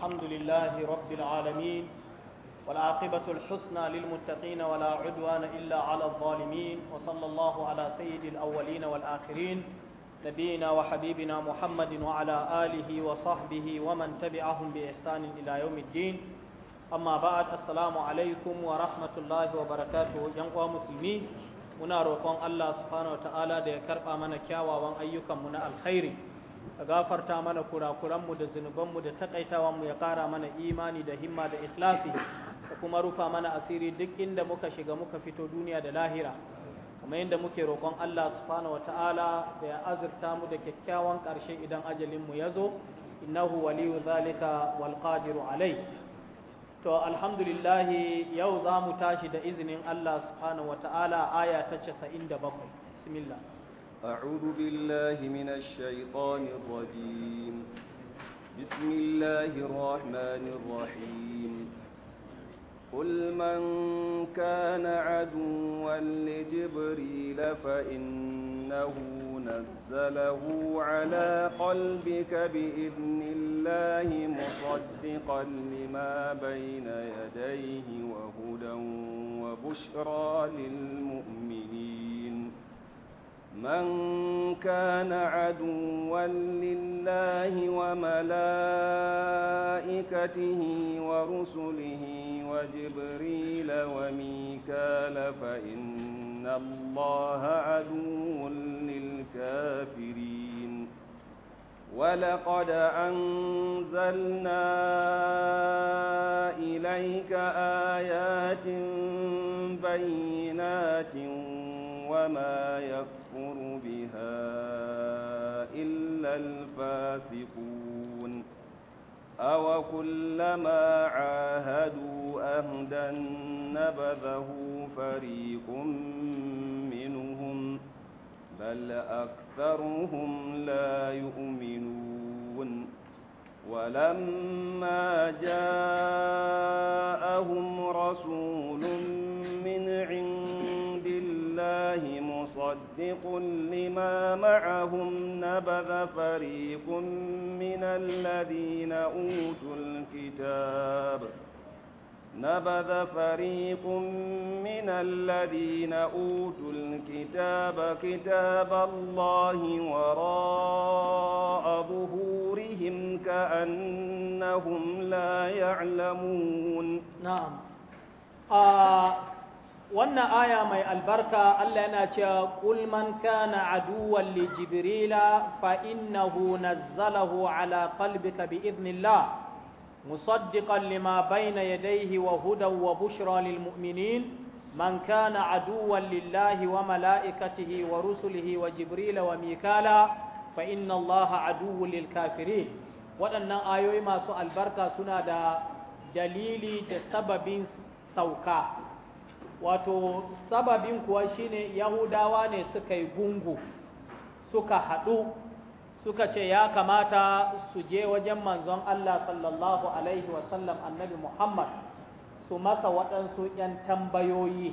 الحمد لله رب العالمين والعاقبة الحسنى للمتقين ولا عدوان إلا على الظالمين وصلى الله على سيد الأولين والآخرين نبينا وحبيبنا محمد وعلى آله وصحبه ومن تبعهم بإحسان إلى يوم الدين أما بعد السلام عليكم ورحمة الله وبركاته ينقوى مسلمين muna roƙon الله سبحانه وتعالى da ya karɓa mana kyawawan ayyukanmu ka gafarta mana kurakuranmu da zunubanmu da takaitawanmu ya kara mana imani da himma da ikhlasi da kuma rufa mana asiri duk inda muka shiga muka fito duniya da lahira kamar yadda muke roƙon Allah subhanahu wata'ala da ya azurta mu da kyakkyawan ƙarshe idan ajalinmu ya zo innahu waliyu zalika wal qadiru alai to alhamdulillah yau zamu tashi da izinin Allah subhanahu wata'ala aya ta 97 bismillah أعوذ بالله من الشيطان الرجيم بسم الله الرحمن الرحيم قل من كان عدوا لجبريل فإنه نزله على قلبك بإذن الله مصدقا لما بين يديه وهدى وبشرى للمؤمنين من كان عدوا لله وملائكته ورسله وجبريل وميكال فإن الله عدو للكافرين ولقد أنزلنا إليك آيات بينات وما يكون يكفر بها إلا الفاسقون أو كلما عاهدوا أهدا نبذه فريق منهم بل أكثرهم لا يؤمنون ولما جاءهم رسول مصدق لما معهم نبذ فريق من الذين أوتوا الكتاب نبذ فريق من الذين أوتوا الكتاب كتاب الله وراء ظهورهم كأنهم لا يعلمون نعم آه wannan aya mai albarka Allah yana cewa qul man kana aduwwan li jibrila fa innahu nazzalahu ala qalbika bi idhnillah musaddiqan lima bayna yadayhi wa hudan wa bushra lil mu'minin man kana aduwwan lillahi wa malaikatihi wa rusulihi wa jibrila wa mikala fa inna allaha aduwwun lil kafirin waɗannan ayoyi masu albarka suna da dalili da sababin sauka wato sababin kuwa shine yahudawa ne suka yi gungu suka haɗu suka ce ya kamata su je wajen manzon Allah sallallahu alaihi wasallam annabi Muhammad su masa waɗansu ‘yan tambayoyi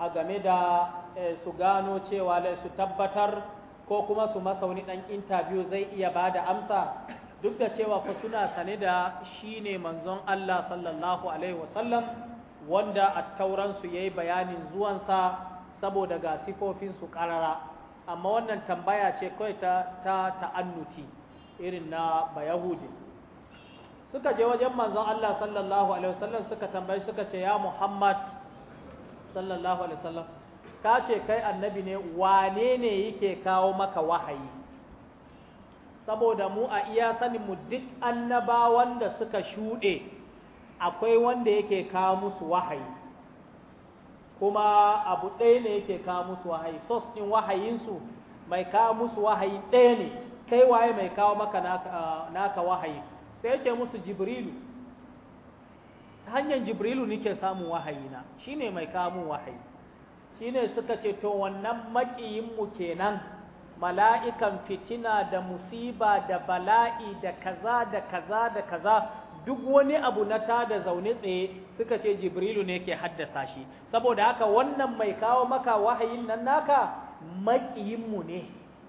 a game da eh, su gano cewa su tabbatar ko kuma su masa wani ɗan intabiyu zai iya ba da amsa duk da cewa fa suna sane da shi ne manzon Allah sallallahu alaihi wasallam wanda a tauransu ya yi bayanin zuwansa saboda ga sifofinsu karara. amma wannan tambaya ce kawai ta ta ta'annuti irin na bayahudi suka je wajen manzon Allah sallallahu alaihi wasallam suka tambayi suka ce ya Muhammad sallallahu alaihi wasallam ka ce kai annabi ne wane ne yake kawo maka wahayi saboda mu a iya sanin mu duk annabawan da suka shuɗe akwai wanda yake kawo musu wahayi kuma abu ɗaya ne yake kawo musu wahayi sos ɗin wahayinsu mai kawo musu wahayi ɗaya ne kai waye mai kawo maka naka ah, wahayi sai yake musu jibrilu ta hanyar jibrilu nike samun wahayi shi shine mai kawo mun wahayi shine suka ce to wannan maƙiyinmu kenan mala'ikan fitina da musiba da bala'i da kaza da kaza da kaza duk wani abu na tada zaune tsaye suka ce jibrilu ne ke haddasa shi saboda haka wannan mai kawo maka wahayin nan naka makiyinmu ne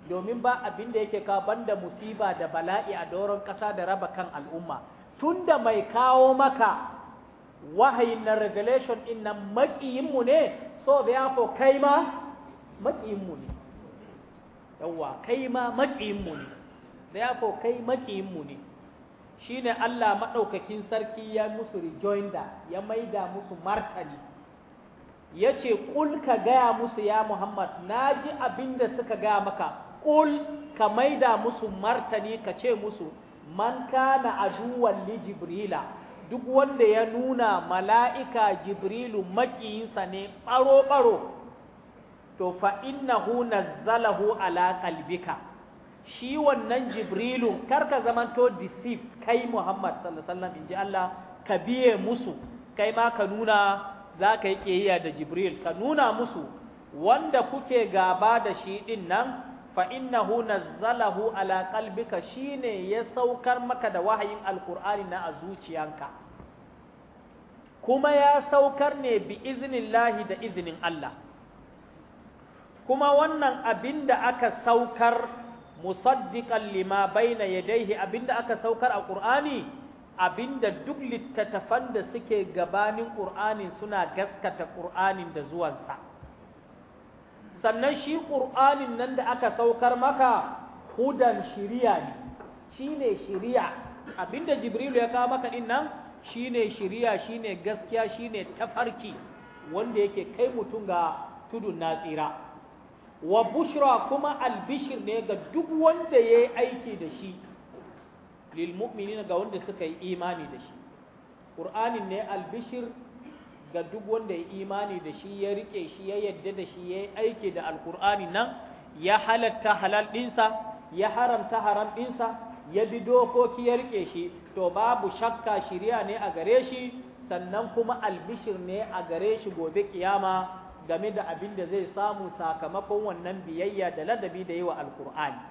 domin ba abin da yake ka banda musiba da bala'i a doron ƙasa da raba kan al'umma tunda mai kawo maka wahayin na revelation din nan makiyinmu ne so therefore kai ma makiyinmu ne yawwa kai ma makiyinmu ne therefore kai makiyinmu ne shine Allah maɗaukakin sarki ya musu rejoinder ya maida musu martani ya ce ƙul ka gaya musu ya Muhammad na ji abin da suka gaya maka ƙul ka maida musu martani ka ce musu man kana ajuwan li jibrila duk wanda ya nuna mala'ika jibrilu makiyinsa ne ɓaro-ɓaro to na hunar zalahu ala ƙalbika shi wannan jibrilu kar ka zamanto deceived kai Muhammad sallallahu alaihi wasallam inji Allah ka biye musu kai ma ka nuna za ka yi ƙiyayya da jibril ka nuna musu wanda kuke gaba da shi din nan fa innahu nazzalahu ala qalbika shine ya saukar maka da wahayin alqur'ani na a zuciyanka kuma ya saukar ne bi iznillahi da iznin Allah kuma wannan abinda aka saukar musaddiqan lima baina yadayhi abinda aka saukar a Qur'ani abinda duk littattafan da suke gabanin Qur'anin suna gaskata Qur'anin da zuwansa sannan shi Qur'anin nan da aka saukar maka hudan shiriya ne shine shiriya abinda jibrilu ya kawo maka din nan shine shiriya shine gaskiya shine tafarki wanda yake kai mutum ga tudun na tsira wa bushra kuma albishir ne ga duk wanda ya yi aiki da shi mu'mini ga wanda suka yi imani da shi ƙur'anin ne albishir ga duk wanda ya imani da shi ya rike shi ya yadda da shi ya yi aiki da alƙur'ani nan ya halatta halal ɗinsa ya haramta haram ɗinsa ya bi dokoki ya rike shi to babu shakka shirya ne a gare shi sannan kuma albishir ne a gare shi gobe kiyama game da abin da zai samu sakamakon wannan biyayya da ladabi da yi wa alkur'ani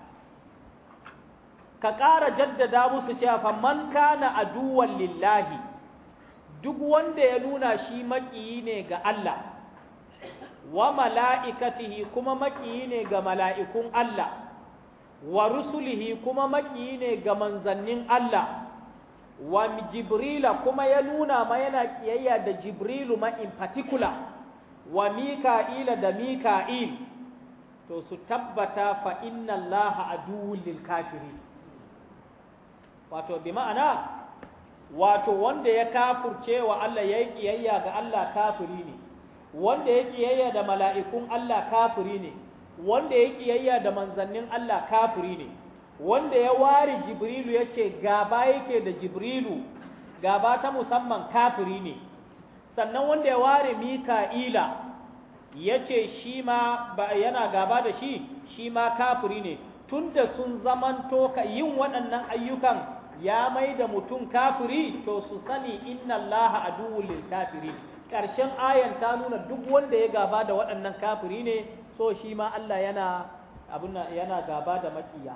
ka ƙara jaddada musu cewa fa man kana aduwan lillahi duk wanda ya nuna shi maƙiyi ne ga Allah wa mala'ikatihi kuma maƙiyi ne ga mala'ikun Allah wa rusulihi kuma maƙiyi ne ga manzannin Allah wa jibrila kuma ya nuna ma yana kiyayya da jibrilu ma in particular wa mika'ila da mika'il to su tabbata fa inna Allah aduwwul lil kafirin wato bi ma'ana wato wanda ya kafurce wa Allah yayi yi kiyayya ga Allah kafiri ne wanda ya kiyayya da mala'ikun Allah kafiri ne wanda ya kiyayya da manzannin Allah kafiri ne wanda ya ware jibrilu yace ce gaba yake da jibrilu gaba ta musamman kafiri ne sannan wanda ya ware mika'ila ya ce shi ma yana gaba da shi shi ma kafiri ne tunda sun zaman ka yin waɗannan ayyukan ya mai da mutum kafiri to su sani inna Allah aduwwul lil kafiri. ƙarshen ayan ta nuna duk wanda ya gaba da waɗannan kafiri ne so shi ma Allah yana abun yana gaba da makiya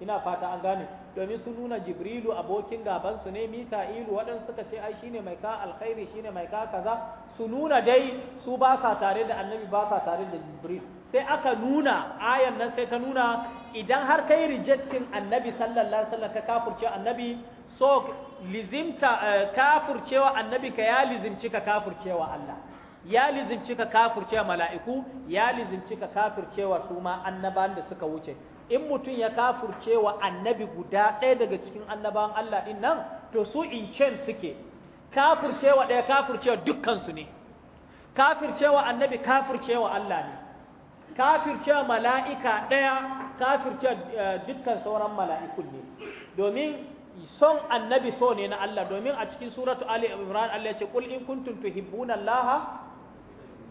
ina fata an gane domin sun nuna jibrilu abokin gabansu ne mika'ilu waɗansu suka ce ai shine mai ka alkhairi shine mai ka kaza su nuna dai su ba sa tare da annabi ba sa tare da jibril sai aka nuna ayan nan sai ta nuna idan har kai rejectin annabi sallallahu alaihi wasallam ka kafurce annabi so lizimta eh, kafurcewa annabi ka ya lizimci ka kafurcewa Allah ya lizimci ka kafurcewa mala'iku ya lizimci ka kafurcewa su ma annaban da suka wuce in mutum ya kafurce wa annabi guda ɗaya daga cikin annabawan Allah ɗin nan to su in chain suke kafurcewa ɗaya kafurcewa dukkansu ne kafircewa annabi kafircewa Allah ne kafircewa mala'ika ɗaya kafircewa eh, dukkan sauran mala'ikun ne domin son annabi so ne na Allah domin a cikin suratu Ali Imran Allah ya ce kul in kuntum tuhibbuna Allah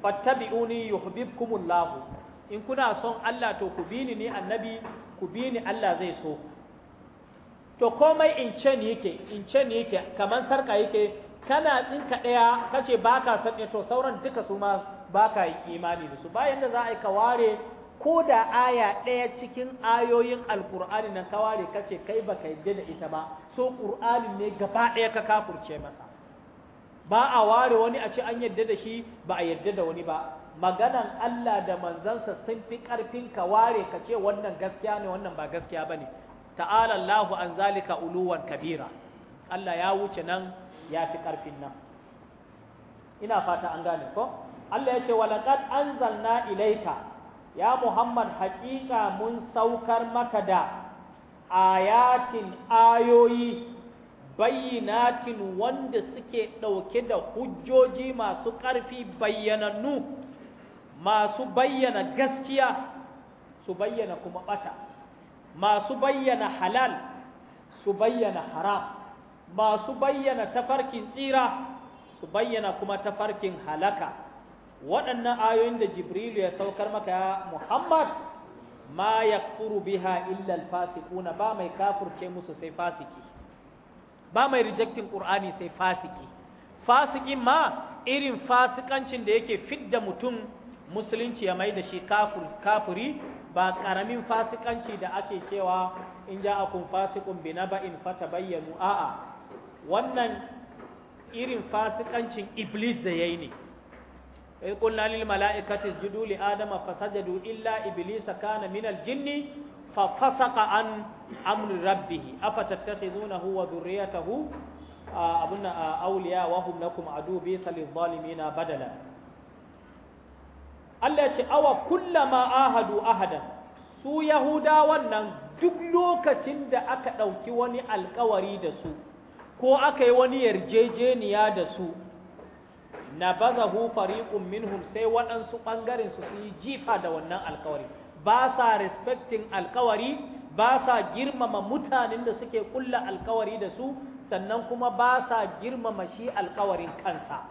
fattabi'uni yuhibbukumullahu in kuna son Allah to ku bini ni annabi ku bini Allah zai so to komai in ce ni yake in ce ni yake kaman sarka yake kana tsinka daya kace baka san to sauran duka su ma baka yi imani da su bayan da za a yi ka ware ko da aya ɗaya cikin ayoyin alkur'ani nan ka ware kace kai baka yadda da ita ba so qur'anin ne gaba ɗaya ka kafurce masa ba a ware wani a ce an yadda da shi ba a yadda da wani ba maganan Allah da manzansa sun fi ƙarfin ka ware ka ce wannan gaskiya ne wannan ba gaskiya ba ne ta'ala Allahu an zalika uluwan kabira Allah ya wuce nan ya fi ƙarfin nan ina fata an gane ko Allah ya ce walaqad anzalna ilaika ya Muhammad haƙiƙa mun saukar maka da ayatin ayoyi bayyinatin wanda suke ɗauke da hujjoji masu ƙarfi bayyanannu masu bayyana gaskiya su bayyana kuma bata masu bayyana halal su bayyana haram masu bayyana tafarkin tsira su bayyana kuma tafarkin halaka waɗannan ayoyin da jibrilu ya saukar maka ya muhammad ma ya biha illa alfasiquna ba mai kafurce musu sai fasiki ba mai rejectin ƙur'ani sai fasiki fasikin ma irin fasikancin da yake fidda mutum musulunci ya mai da shi kafuri ba ƙaramin fasikanci da ake cewa in ja akun fasikun bi fata bayyanu a'a wannan irin fasikancin iblis da yayi ne in qulna lil mala'ikati isjudu li adama fasajadu illa iblisa kana min al jinni fa fasaqa an amri rabbih afatattakhizunahu wa dhurriyyatahu abunna awliya wa hum lakum adu bi salil zalimina badala Allah ya ce awa kullama ahadu ahadan su Yahuda wannan duk lokacin da aka ɗauki wani alkawari da su ko aka yi wani yarjejeniya da su na baza fariqun minhum sai waɗansu ɓangaren su yi jifa da wannan alkawari ba sa respecting alkawari ba sa girmama mutanen da suke kulla alkawari da su sannan kuma ba sa girmama shi alkawarin kansa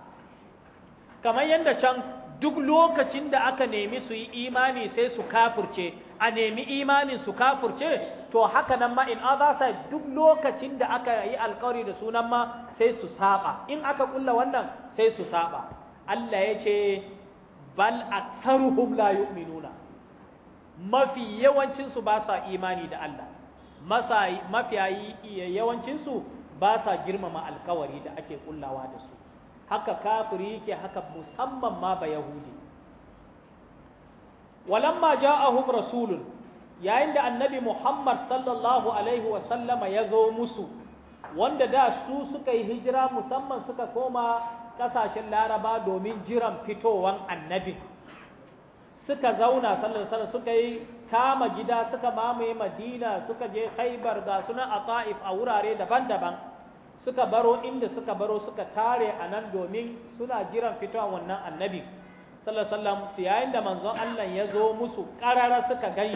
kamar yadda can duk lokacin da aka nemi su yi imani sai su kafurce a nemi imanin su kafurce to haka nan ma in other side duk lokacin da aka yi alkawari da sunan ma sai su saba in aka kulla wannan sai su saba Allah ya ce bal aktharuhum la yu'minuna mafi yawancin su ba sa imani da Allah mafiya yawancin su ba sa girmama alkawari da ake kullawa da su haka kafiri yake haka musamman ma ba yahudi walamma ja'ahum rasulun yayin da annabi muhammad sallallahu alaihi wasallama ya zo musu wanda da su suka yi hijira musamman suka koma kasashen laraba domin jiran fitowan annabi suka zauna sallallahu suka yi kama gida suka mamaye madina suka je haibar ga suna a ta'if a wurare daban-daban suka baro inda suka baro suka tare a nan domin suna jiran fitowa wannan annabi sallallahu yayin da manzon Allah ya zo musu karara suka gani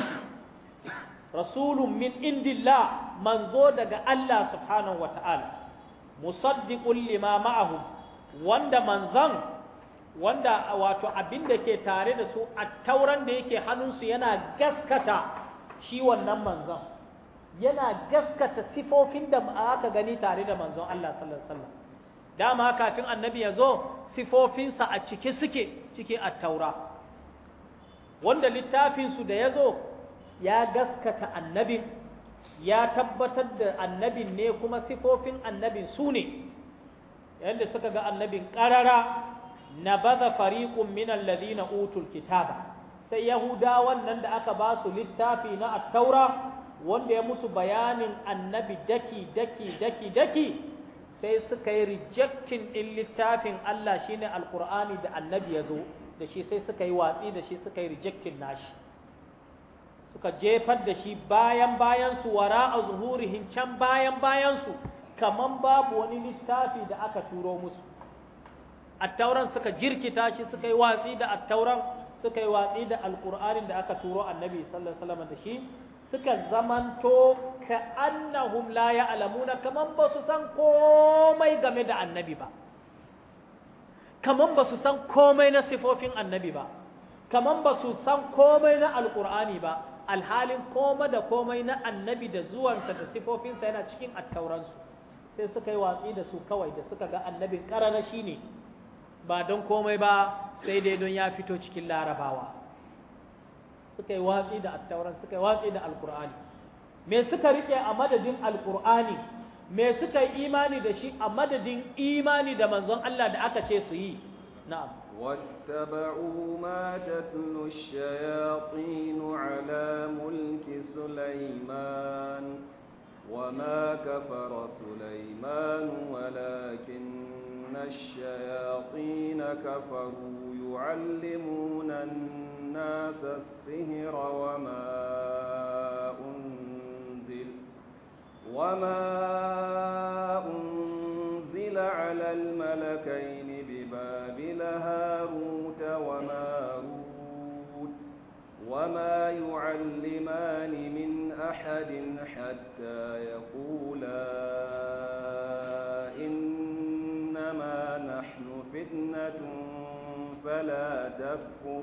rasulun min indillah manzo daga Allah subhanahu wata'ala musaddiqul lima ma'ahu wanda manzon wanda wato abin da ke tare da su a tauran da yake hannunsu yana gaskata shi wannan manzon yana gaskata sifofin da aka gani tare da manzon Allah sallallahu alaihi wasallam dama kafin annabi ya zo sifofinsa a cike suke cikin attaura wanda littafinsu da ya zo ya gaskata annabin ya tabbatar da annabin ne kuma sifofin annabin su ne yadda suka ga annabin ƙarara na baza fariƙun minan lalina utul kitaba sai yahudawan nan da aka ba su littafi na attaura wanda ya musu bayanin annabi daki daki daki daki sai suka yi rejectin ɗin littafin Allah shine alkur'ani da annabi ya zo da shi sai suka yi watsi da shi suka yi rejectin nashi suka jefar da shi bayan su wara a zuhurihin can bayan su kaman babu wani littafi da aka turo musu attauran suka jirkita shi suka yi watsi da attauran suka yi watsi da alkur'anin da aka turo annabi sallallahu alaihi wasallam da shi suka zamanto ka annahum la ya'lamuna kaman ba su san komai game da annabi ba kaman ba su san komai na sifofin annabi ba kaman ba su san komai na alkur'ani ba alhalin koma da komai na annabi da zuwansa da sifofinsa yana cikin attauransu sai suka yi watsi da su kawai da suka ga annabin ƙarana shi ne ba don komai ba sai dai don ya fito cikin larabawa suka yi watsi da attauran suka yi watsi da alkur'ani me suka rike a madadin alkur'ani me suka yi imani da shi a madadin imani da manzon Allah da aka ce su yi na'am wattaba'u ma tatlu ash-shayatin 'ala mulki sulaiman وما كفر سليمان ولكن الشياطين كفروا يعلمون الناس الناس السحر وما أنزل وما أنزل على الملكين ببابل هاروت وماروت وما يعلمان من أحد حتى يقولا إنما نحن فتنة فلا تكفر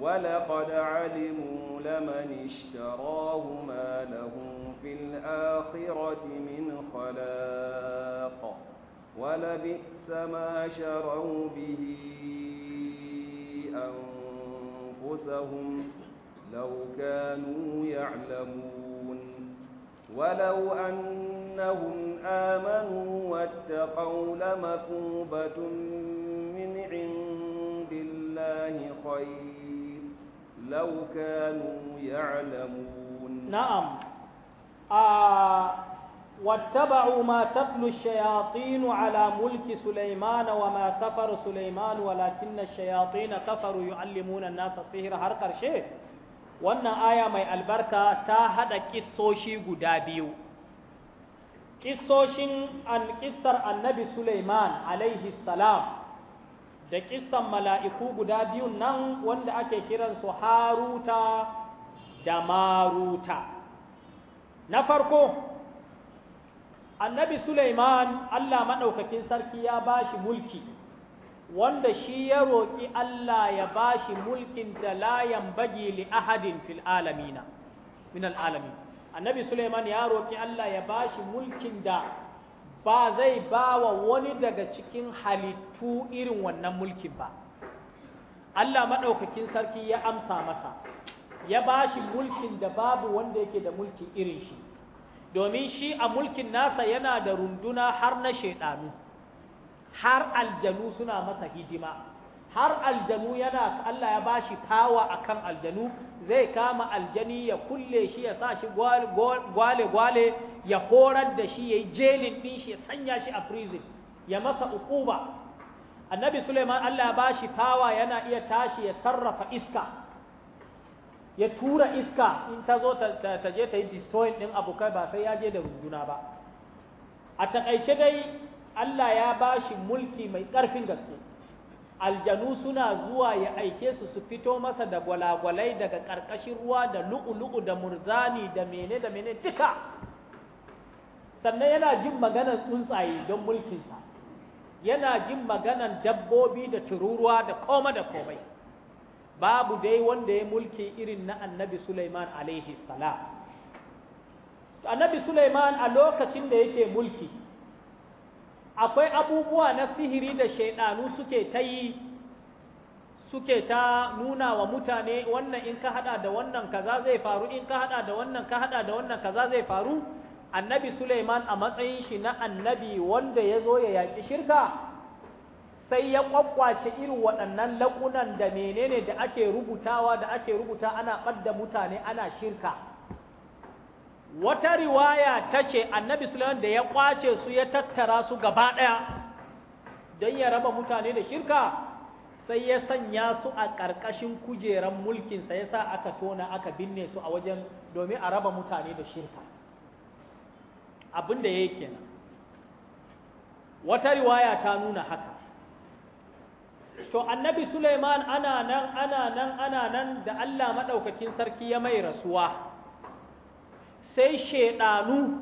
ولقد علموا لمن اشتراه ما له في الآخرة من خلاق ولبئس ما شروا به أنفسهم لو كانوا يعلمون ولو أنهم آمنوا واتقوا لمثوبة من عند الله خير لو كانوا يعلمون نعم آه، واتبعوا ما تتلو الشياطين على ملك سليمان وما كفر سليمان ولكن الشياطين كفروا يعلمون الناس السحر هر قرشه وانا آية مي البركة تا هذا كسوشي قدابيو كسوشين عن كسر النبي سليمان عليه السلام da kissan mala'iku guda biyu nan wanda ake kiransu haruta da maruta na farko annabi Suleiman Allah maɗaukakin sarki ya ba shi mulki wanda shi ya roƙi Allah ya ba shi mulkin da layan bagi li ahadin fil alamina min annabi Suleiman ya roƙi Allah ya ba shi mulkin da ba zai ba wa wani daga cikin halittu irin wannan mulkin ba Allah maɗaukakin sarki ya amsa masa ya ba shi mulkin da babu wanda yake da mulki irin shi domin shi a mulkin nasa yana da runduna har na shaidanu har aljanu suna masa hidima har aljanu yana Allah ya ba bashi tawa kan aljanu zai kama aljani ya kulle shi ya sa shi gwale-gwale ya horar da shi ya yi jelin ɗin shi ya sanya shi a prison ya masa ukuba annabi suleiman allah ba shi fawa yana iya tashi ya sarrafa iska ya tura iska in ta zo ta je ta yi destroying ɗin abokai ba sai ya je da runguna ba a taƙaice dai allah ya ba shi mulki mai ƙarfin gaske aljanu suna zuwa ya aike su su fito masa da gwalagwalai daga ƙarƙashin ruwa da lu'u-lu'u da murzani da mene da mene duka sannan yana jin maganar tsuntsaye don mulkinsa yana jin maganar dabbobi da tururuwa da koma da komai babu dai wanda ya mulki irin na annabi suleiman alaihi salam annabi Suleiman a lokacin da yake mulki akwai abubuwa na sihiri da shaidanu suke ta yi suke ta nuna wa mutane wannan in ka hada da wannan kaza zai faru in ka hada da wannan ka hada da wannan kaza zai faru annabi Suleiman a matsayin shi na annabi wanda ya zo ya yaƙi shirka sai ya kwakwace irin waɗannan laƙunan da menene da ake rubutawa da ake rubuta ana ɓadda mutane ana shirka wata riwaya ta ce annabi Suleiman da ya kwace su ya tattara su gaba ɗaya don ya raba mutane da shirka sai ya sanya su a ƙarƙashin kujeran mulkinsa ya sa aka tona aka binne su a wajen domin a raba mutane da shirka abin da yake nan wata riwaya ta nuna haka to annabi Suleiman ana nan ana nan ana nan da Allah madaukakin sarki ya mai rasuwa sai shedanu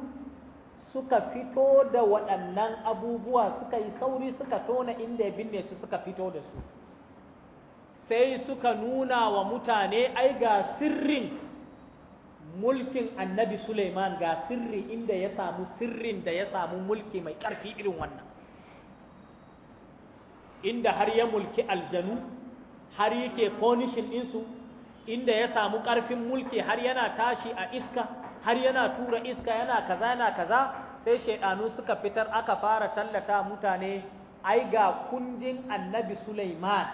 suka fito da waɗannan abubuwa suka yi sauri suka tona inda ya binne su suka fito da su sai suka nuna wa mutane ai ga sirrin mulkin annabi Suleiman ga sirri inda ya samu sirrin da ya samu mulki mai ƙarfi irin wannan inda har ya mulki aljanu har yake ponishin ɗinsu inda ya samu ƙarfin mulki har yana tashi a iska har yana tura iska yana kaza yana kaza sai shaidanu suka fitar aka fara tallata mutane ai ga kundin annabi Suleiman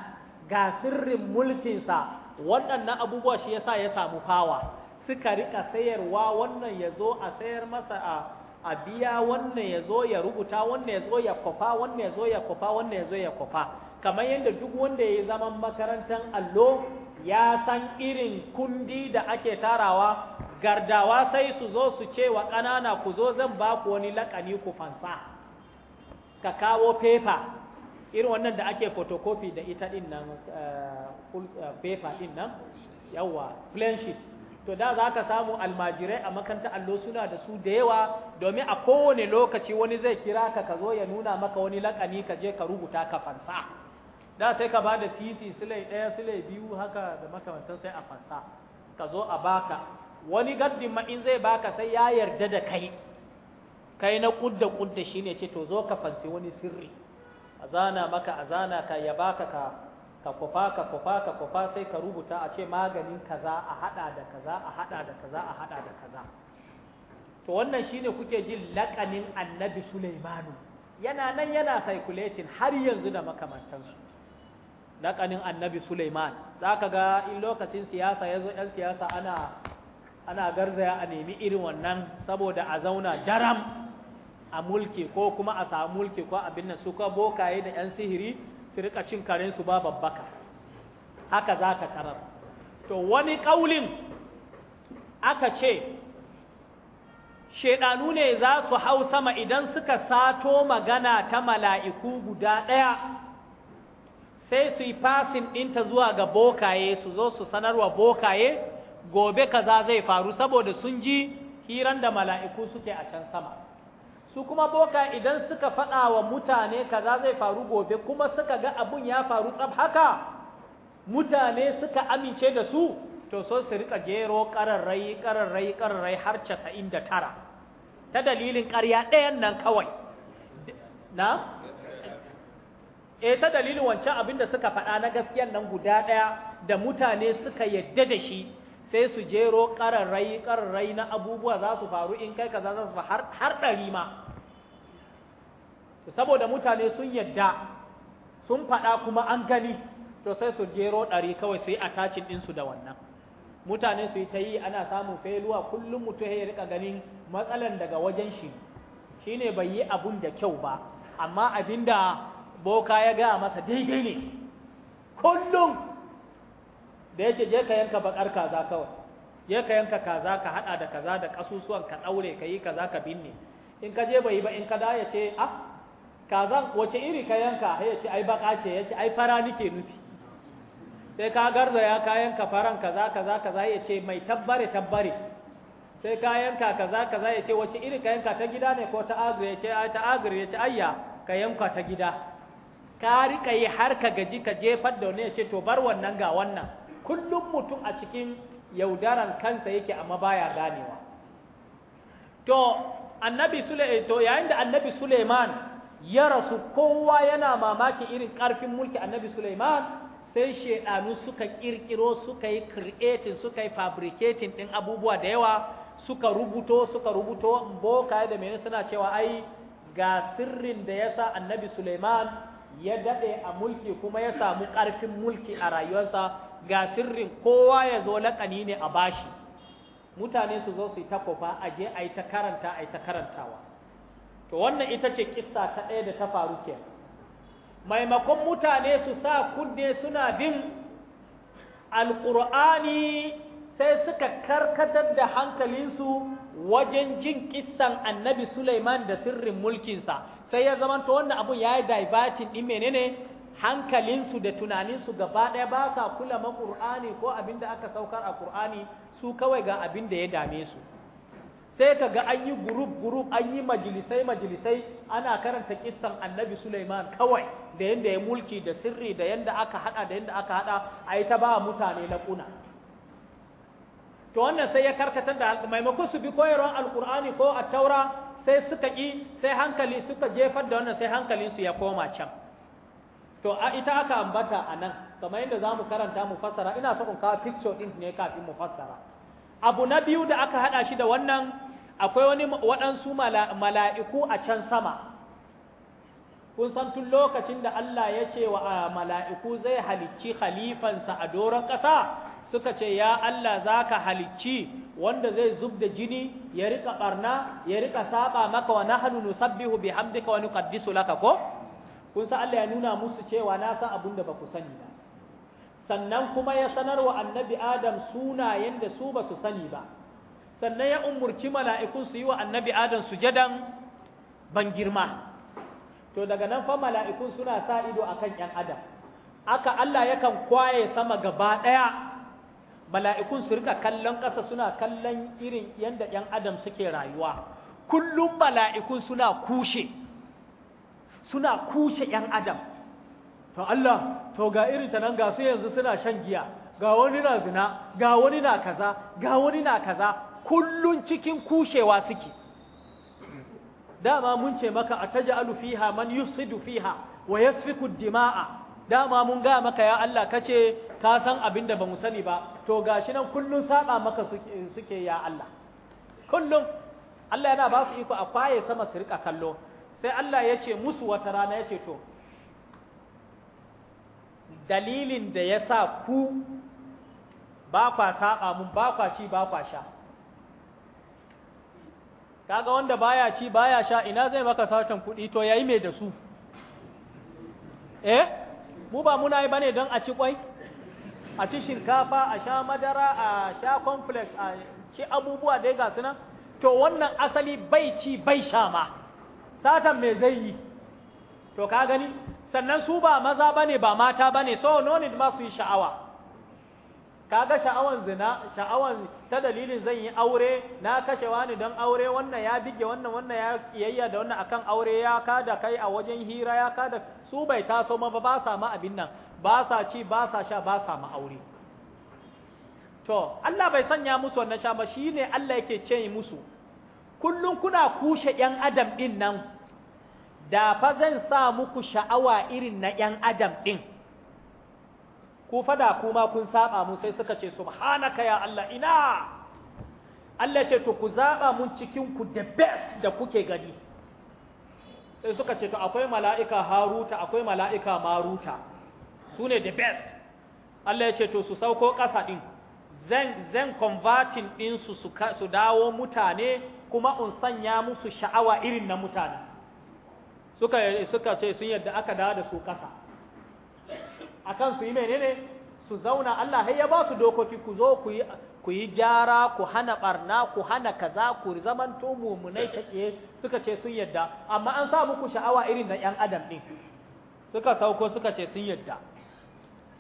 ga sirrin mulkinsa waɗannan abubuwa shi yasa ya samu fawa suka rika sayarwa wannan ya zo a sayar masa a a biya wannan ya zo ya rubuta wannan ya zo ya kwafa wannan ya zo ya kwafa wannan ya zo ya kwafa kamar yadda duk wanda ya yi zaman makarantar allo ya san irin kundi da ake tarawa gardawa sai su zo su ce wa ƙanana ku zo zan ba ku wani laƙani ku fansa ka kawo fefa irin wannan da ake photocopy da ita ɗin nan eh, eh, pepa ɗin nan yawa plain to da za ka samu almajirai a makanta allo suna da su da yawa domin a kowane lokaci wani zai kira ka ka zo ya nuna maka wani lakani ka je ka rubuta ka fansa da sai ka ba da titi silai ɗaya silai biyu haka da makamantan sai a fansa ka zo a baka wani gaddin ma in zai baka sai ya yarda da kai kai na kudda kudda shine ce to zo ka fansi wani sirri a zana maka a zana ka ya baka ka ka kwafa ka kwafa ka kwafa sai ka rubuta a ce maganin kaza a hada da kaza a hada da kaza a hada da kaza to wannan shine kuke jin lakanin annabi Sulaimanu yana nan yana calculating har yanzu da makamantansu lakanin annabi Sulaiman ka ga in lokacin siyasa ya zo yan siyasa ana ana garzaya a nemi irin wannan saboda a zauna jaram a mulki ko kuma a samu mulki ko abin nan su ka bokaye da 'yan sihiri su rika cin su ba babbaka haka za ka tarar to wani ƙaulin aka ce shaidanu ne za su hau sama idan suka sato magana ta mala'iku guda ɗaya sai su yi fasin ɗinta zuwa ga bokaye su zo su sanarwa bokaye gobe kaza zai faru saboda sun ji hiran da mala'iku suke a can sama su kuma boka idan suka faɗa wa mutane kaza zai faru gobe kuma suka ga abun ya faru tsab haka mutane suka amince da su to so su rika gero ƙararrai ƙararrai ƙararrai har casa'in da tara ta dalilin ƙarya ɗayan nan kawai na e ta dalilin wancan abin da suka faɗa na gaskiyan nan guda ɗaya da mutane suka yadda da shi sai su jero ƙararrai ƙararrai na abubuwa za su faru in kai kaza za su har ɗari ma to saboda mutane sun yadda sun faɗa kuma an gani to sai su jero ɗari kawai su yi attachin ɗinsu da wannan mutane su yi ta yi ana samun feluwa kullum mutum ya rika ganin matsalan daga wajen shi shine bai yi abun da kyau ba amma abinda boka ya gaya masa daidai ne kullum da yake je ka yanka bakar kaza kawai je ka yanka kaza ka hada da kaza da kasusuwan ka daure ka yi kaza ka binne in ka je bai yi ba in ka da ya ce ah kazan wace iri ka yanka ya ce ai baka ce ya ce ai fara nike nufi sai ka garzaya ka yanka faran kaza kaza kaza ya ce mai tabbare tabbare sai ka yanka kaza kaza ya ce wace iri ka yanka ta gida ne ko ta agri ya ce ai ta agri ya ce ayya ka yanka ta gida ka rika yi har ka gaji ka jefar da wani ya ce to bar wannan ga wannan kullum mutum a cikin yaudaran kansa yake amma baya ganewa to annabi sule to yayin da annabi suleiman ya rasu kowa yana mamaki irin ƙarfin mulki annabi Sulaiman sai shedanu suka kirkiro suka yi creating suka yi fabricating din abubuwa da yawa suka rubuto suka rubuto boka da mene suna cewa ai ga sirrin da yasa annabi Suleiman ya dade a mulki kuma ya samu ƙarfin mulki a rayuwarsa ga sirrin kowa ya zo laƙani ne a bashi mutane su zo su yi takofa aje a yi ta karanta a yi ta karantawa to wannan ita ce kissa ta ɗaya da ta faru ke maimakon mutane su sa kunne suna bin alƙur'ani sai suka karkatar da hankalinsu wajen jin kissan annabi Suleiman da sirrin mulkinsa sai ya zamanta wannan abu ya yi daibatin ɗin menene hankalinsu da tunaninsu gaba ɗaya ba sa kula ma ƙur'ani ko abin da aka saukar a ƙur'ani su kawai ga abin da ya dame su sai ka ga an yi gurup group an yi majalisai majalisai ana karanta kistan annabi Suleiman kawai da yadda ya mulki da sirri da yadda aka hada da yadda aka hada a yi ta ba mutane na kuna to wannan sai ya karkatar da maimakon su bi koyarwar alkur'ani ko a taura sai suka yi, sai hankali suka jefar da wannan sai hankalinsu ya koma can to a ita aka ambata a nan kamar yadda za mu karanta mu fassara ina so in kawo picture ɗin ne kafin mu fassara abu na biyu da aka hada shi da wannan akwai wani waɗansu mala'iku a can sama kun san tun lokacin da Allah ya ce wa mala'iku zai halicci khalifansa a doron ƙasa suka ce ya Allah za ka halicci wanda zai zubda jini ya riƙa ɓarna ya riƙa saba maka wa nahnu nusabbihu bihamdika wa nuqaddisu laka ko kun san Allah ya nuna musu cewa na san abin da ba ku sani ba sannan kuma ya sanar wa annabi adam sunayen da su ba su sani ba sannan ya umurci mala'ikun su yi wa annabi adam sujadan ban girma to daga nan fa mala'ikun suna sa ido akan ‘yan adam aka Allah yakan kwaye sama gaba ɗaya mala'ikun su rika kallon ƙasa suna kallon irin yadda ‘yan adam suke rayuwa kullum mala'ikun suna kushe suna kushe ‘yan adam to Allah to ga irin ta nan ga su yanzu suna shan giya ga wani na zina ga wani na kaza ga wani na kaza kullun cikin kushewa suke dama mun ce maka ataj'alu fiha man yusidu fiha wa yasfiku dima'a dama mun ga maka ya Allah kace ka san abin da bamu sani ba to gashi nan kullun saba maka suke ya Allah kullun Allah yana ba su iko a kwaye sama su rika kallo sai Allah ya ce musu wata rana ya ce to dalilin da ya sa ku ba kwa saɓa mun ba kwa ci ba kwa sha kaga wanda baya ci baya sha ina zai maka satan kuɗi to yayi mai da su eh mu ba muna yi bane don a ci kwai a ci shinkafa a sha madara a sha complex a ci abubuwa dai ga suna to wannan asali bai ci bai sha ma satan me zai yi to ka gani sannan su ba maza ne, ba mata ba ne. so no need ma su yi sha'awa kaga sha'awan zina sha'awan ta dalilin zan yi aure na kashe wani don aure wannan ya bige wannan wannan ya kiyayya da wannan akan aure ya kada kai a wajen hira ya kada su bai taso ma ba sa ma abin nan ba sa ci ba sa sha ba sa ma aure to Allah bai sanya musu wannan sha ba ne Allah yake ce musu kullun kuna kushe yan adam din nan da fa zan sa muku sha'awa irin na ‘yan adam ɗin, ku fada kuma kun saba mu sai suka ce, Subhanaka ya Allah ina, Allah ce, to ku zaɓa mun cikinku the best da kuke gani. Sai suka ce, to akwai mala'ika haruta, akwai mala'ika maruta, su ne the best. Allah ya ce, to su sauko ƙasa ɗin, zan, zan converting ɗinsu su dawo mutane kuma in sanya musu sha'awa irin na mutane. suka suka ce sun yadda aka dawo da su ƙasa akan su yi menene su zauna Allah ya ba su dokoki ku zo ku yi ku yi gyara ku hana barna ku hana kaza ku zaman zamanto mumunai ke suka ce sun yadda amma an sa muku sha'awa irin da ƴan adam din suka sauko suka ce sun yadda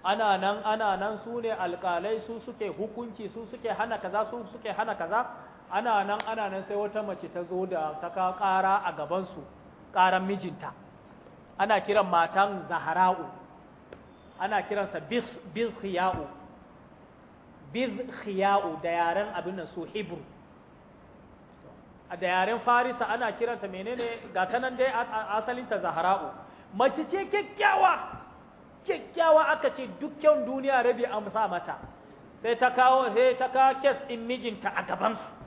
ana nan ana nan su ne alƙalai su suke hukunci su suke hana kaza su suke hana kaza ana nan ana nan sai wata mace ta zo da ta ƙara a gaban su ƙaran mijinta ana kiran matan zahara'u ana kiransa bizhiya'u bizhiya'u da yaren abin nan su hebrew da yaren farisa ana kiranta menene ga ta nan dai asalinta zahara'u mace ce kyakkyawa kyakkyawa aka ce dukkan duniya rabi amsa mata sai ta kawo sai ta kawo kes ɗin mijinta a gabansu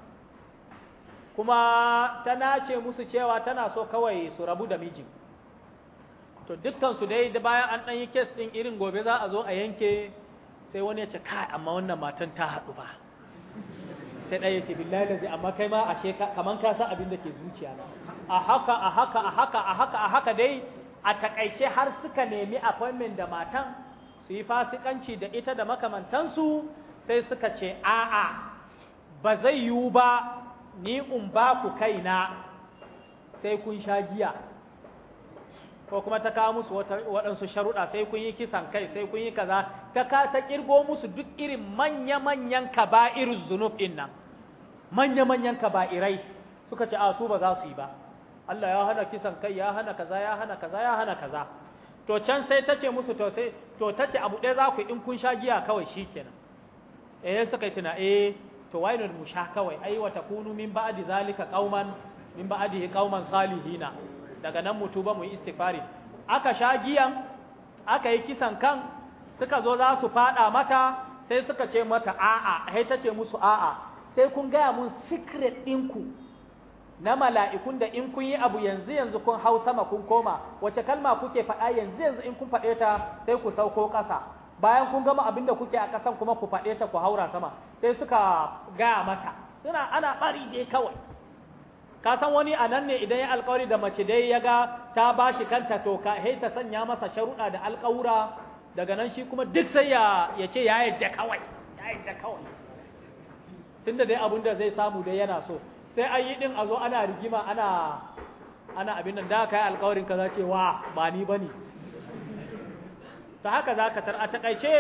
kuma ta nace musu cewa tana so kawai su rabu da mijin to dukkansu dai da bayan an ɗan yi kes ɗin irin gobe za a zo a yanke sai wani ya ce kai amma wannan matan ta haɗu ba sai ɗaya ce billahi da zai amma kai ma ashe kaman ka san abin da ke zuciya na a haka a haka a haka a haka a haka dai a takaice har suka nemi appointment da matan su yi fasikanci da ita da makamantansu sai suka ce a'a ba zai yiwu ba ni in ba ku kaina sai kun sha giya ko kuma ta kawo musu waɗansu sharuɗa sai kun yi kisan kai sai kun yi kaza ta ka ta kirgo musu duk irin manya-manyan kaba'ir zunub ɗin nan manya-manyan kaba'irai suka ce a su ba za su yi ba Allah ya hana kisan kai ya hana kaza ya hana kaza ya hana kaza to can sai ta ce musu to sai to ta ce abu ɗaya za ku in kun sha giya kawai shikenan eh suka yi tuna eh to mu sha kawai ai wa takunu min ba'di zalika qauman min ba'dihi qauman salihina daga nan mutu ba mu yi istighfari aka sha giyan aka yi kisan kan suka zo za su fada mata sai suka ce mata a'a sai ta ce musu a'a sai kun gaya mun secret ɗinku na mala'ikun da in kun yi abu yanzu yanzu kun hau sama kun koma wace kalma kuke faɗa yanzu yanzu in kun faɗe ta sai ku sauko ƙasa bayan kun gama abinda kuke a kasan kuma ku faɗe ta ku haura sama sai suka gaya mata suna ana bari dai kawai ka san wani a nan ne idan ya alkawari da mace dai ya ga ta bashi kanta to ka hei ta sanya masa sharuɗa da alkawura daga nan shi kuma duk sai ya ya ce ya yadda kawai ya yadda kawai tunda dai abin da zai samu dai yana so sai an yi din a zo ana rigima ana ana abin nan da ka yi alkawarin za ce wa ba ni bane ta haka za ka tar a takaice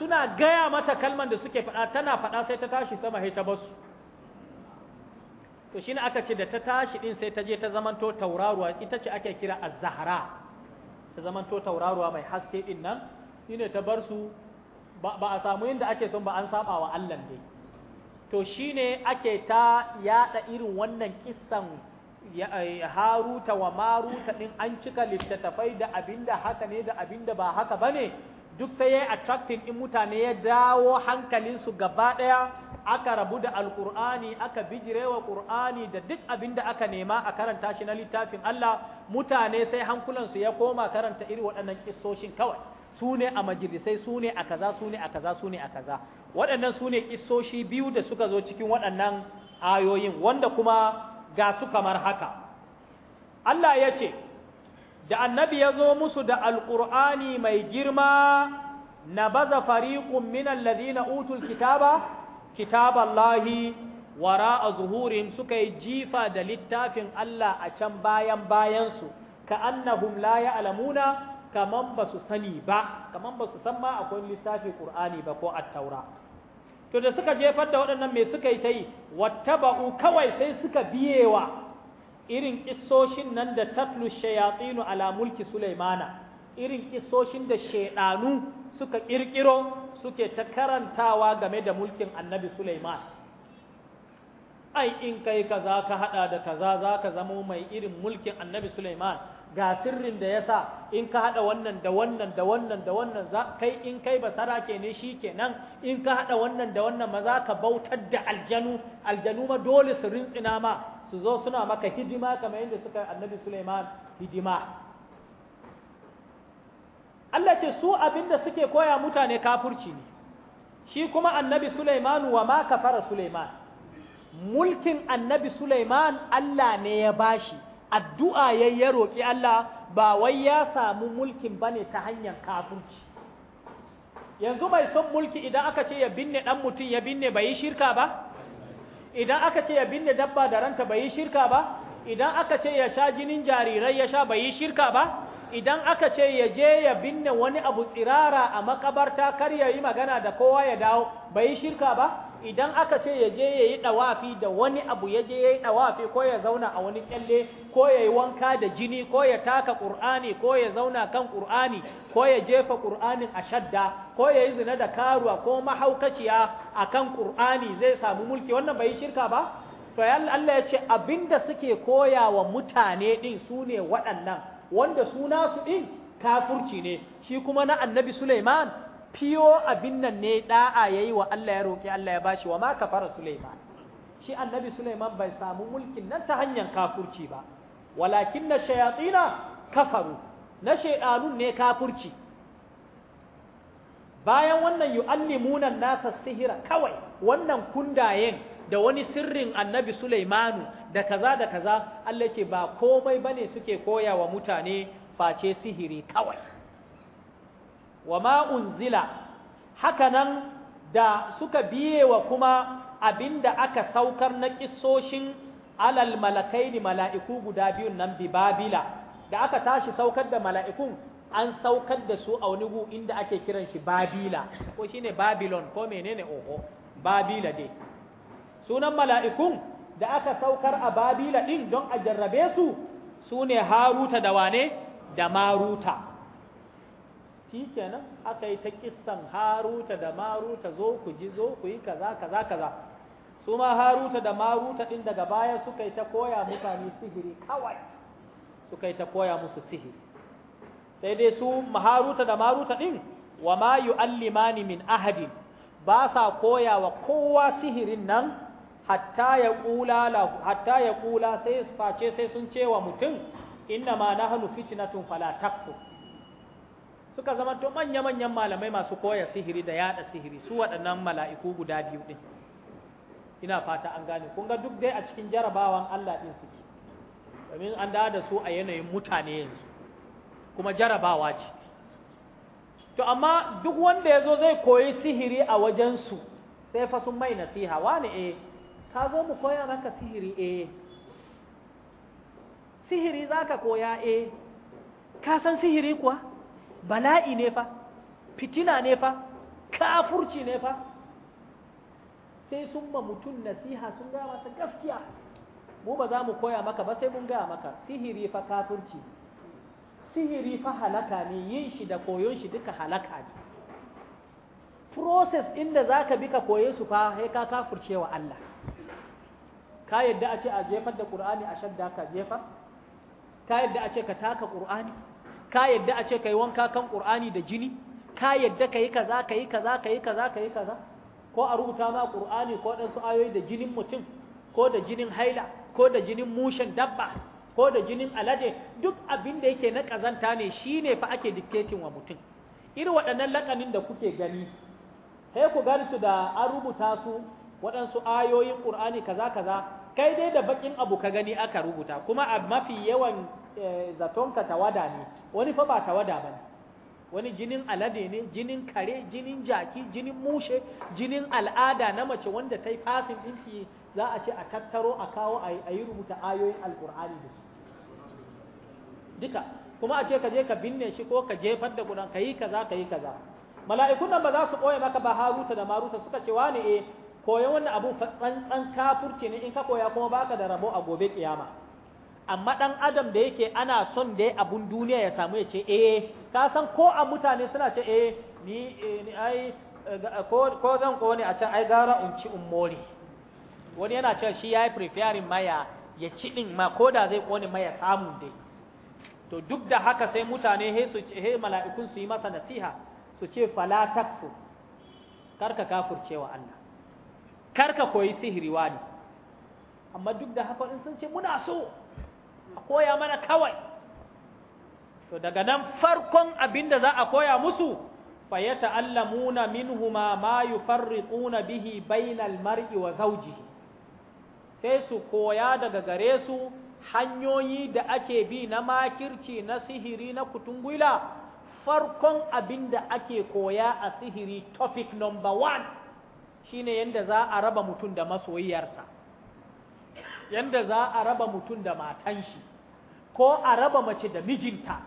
suna gaya mata kalman da suke faɗa tana faɗa sai ta tashi sama sai ta basu to shine aka ce da ta tashi din sai ta je ta zamanto tauraruwa ita ce ake kira az-zahra ta zamanto tauraruwa mai haske din nan shine ta bar su ba a samu inda ake son ba an saba wa Allah dai to shine ake ta yada irin wannan kissan Eh, haruta wa maruta din an cika littattafai da abinda haka ne da abinda ba haka bane duk sai ya attracting din mutane ya dawo hankalinsu gaba daya aka rabu da alkur'ani aka bijirewa qur'ani da duk abinda aka nema a karanta shi na littafin Allah mutane sai hankulansu ya koma karanta iri waɗannan kissoshin kawai su ne a majalisai su ne a kaza su ne a kaza su ne a kaza waɗannan su ne kissoshi biyu da suka zo cikin waɗannan ayoyin wanda kuma ga su kamar haka Allah ya ce da annabi ya zo musu da alƙur'ani mai girma na baza fariƙun minan ladina utul kitaba kitaballahi wara a zuhurin suka yi jifa da littafin Allah a can bayan bayansu ka annahum la alamuna kaman ba su sani ba kaman ba su san ma akwai littafin ƙur'ani ba ko attaura to da suka jefar da waɗannan mai suka yi ta yi wattaba'u kawai sai suka biyewa irin kisoshin nan da tatlu shayatinu ala mulki sulaimana irin kisoshin da shaidanu suka kirkiro suke ta karantawa game da mulkin annabi sulaiman ai in kai kaza ka hada da kaza za ka zamo mai irin mulkin annabi sulaiman ga sirrin da yasa in ka hada wannan da wannan da wannan da wannan kai in kai basara ke ne shikenan in ka hada wannan da wannan ma za ka bautar da aljanu aljanu ma dole su rintsina ma su zo suna maka hidima kamar yadda suka annabi Suleiman hidima Allah ce su abinda suke koya mutane kafurci ne shi kuma annabi Suleiman wa ma kafara Suleiman mulkin annabi Suleiman Allah ne ya bashi addu'a ya ya roƙi Allah ba wai ya samu mulkin ba ne ta hanyar kafinci. yanzu mai son mulki idan aka ce ya binne ɗan mutum ya binne bai yi shirka ba idan aka ce ya binne dabba da ranta bai yi shirka ba idan aka ce ya sha jinin jarirai ya sha bai yi shirka ba idan aka ce ya je ya binne wani abu tsirara a makabarta kar ya yi magana da kowa ya dawo bai yi shirka ba idan aka ce ya je ya yi ɗawafi da wani abu ya je ya yi ɗawafi ko ya zauna a wani kyalle ko ya yi wanka da jini ko ya taka ƙur'ani ko ya zauna kan ƙur'ani ko ya jefa ƙur'anin a shadda ko ya yi zina da karuwa ko mahaukaciya a kan ƙur'ani zai samu mulki wannan bai yi shirka ba to Allah ya ce abinda suke koya wa mutane ɗin su ne waɗannan wanda su nasu ɗin kafurci ne shi kuma na annabi Suleiman fiyo abin nan ne da'a yayi wa Allah ya roƙi Allah ya bashi wa ma kafara Sulaiman shi annabi Suleiman bai samu mulkin nan ta hanyar kafurci ba walakin na shayatina kafaru na shaidanun ne kafurci bayan wannan yu'allimuna nasa sihira kawai wannan kundayen da wani sirrin annabi Suleimanu da kaza da kaza Allah ce ba komai bane suke koya wa mutane face sihiri kawai wa ma unzila hakanan da suka biye wa kuma abinda aka saukar na kissoshin alal malakaini mala'iku guda biyun nan bi babila da aka tashi saukar da mala'ikun an saukar da su a wani inda ake kiran shi babila ko shine babilon ko menene oho babila de. sunan mala'ikun da aka saukar a babila din don a jarrabe su sune haruta da wane da maruta shi kenan aka yi ta kissan haruta da maruta zo ku ji zo ku yi kaza kaza kaza su ma haruta da maruta ɗin daga baya suka yi ta koya mutane sihiri kawai suka yi ta koya musu sihiri sai dai su haruta da maruta ɗin wa ma yu'allimani min ahadin ba sa koya wa kowa sihirin nan hatta ya kula hatta ya kula sai face sai sun ce wa mutum inna ma nahnu fitnatun fala takfur suka zama to manya-manyan malamai masu koya sihiri da yada sihiri su waɗannan mala'iku guda biyu ɗin ina fata an gane kun ga duk dai a cikin jarabawan Allah ɗin suke domin an dawo da su a yanayin mutane yanzu kuma jarabawa ce to amma duk wanda ya zo zai koyi sihiri a wajensu sai fa sun mai nasiha wani eh ka zo mu koya maka sihiri eh sihiri za ka koya eh ka san sihiri kuwa bala'i ne fa fitina ne fa kafurci ne fa sai sun ma mutum nasiha sun gaya masa gaskiya mu ba za mu koya maka ba sai mun gaya maka sihiri fa kafurci sihiri fa halaka ne yin shi da koyon shi duka halaka ne process inda za ka bi ka koye su fa sai ka wa Allah ka yadda a ce a jefar da ƙur'ani a shadda ka jefa ka yadda a ce ka taka ƙur'ani ka yadda a ce ka yi wanka kan ƙur'ani da jini ka yadda ka yi kaza kai kaza yi kaza yi kaza ko a rubuta ma ƙur'ani ko ɗan su ayoyi da jinin mutum ko da jinin haila ko da jinin mushen dabba ko da jinin alade duk abin da yake na ƙazanta ne shi ne fa ake dictating wa mutum irin waɗannan lakanin da kuke gani sai ku gani su da an rubuta su waɗansu ayoyin ƙur'ani kaza kaza kai dai da bakin abu ka gani aka rubuta kuma a mafi yawan eh, zatonka tawada ne wani fa ba tawada ba ne wani jinin alade ne jinin kare jinin jaki jinin mushe jinin al'ada na mace wanda ta yi fasin ɗinki za a ce a tattaro a kawo a yi rubuta ayoyin alkur'ani da su duka kuma a ce ka je ka binne shi ko ka jefar da gudan ka yi kaza ka yi kaza mala'ikun nan ba za su ɓoye maka ba haruta da maruta suka ce wani eh koyon wannan abu tsantsan kafurci ne in ka koya kuma baka da rabo a gobe kiyama amma dan adam da yake ana son da abun duniya ya samu ya ce eh ka san ko a mutane suna ce eh ni eh, ai eh, ko zan kone a can ai gara in ci wani yana cewa shi ya yi preferring maya ya ci din ma ko da zai kone maya samun dai to duk da haka sai mutane he su he mala'ikun su yi masa nasiha su ce fala takfu karka kafurcewa Allah kar ka koyi sihiri wani amma duk da haka sun ce muna so a koya mana kawai to daga nan farkon abin da za a koya musu ta'allamuna minhuma ma yufarriquna bihi bainal mar'i wa zawjihi sai su koya daga gare su hanyoyi da ake bi na makirci na sihiri na kutungula farkon abin da ake koya a sihiri topic number one shine yanda za a raba mutum da masoyiyarsa yanda za a raba mutum da matan shi ko a raba mace da mijinta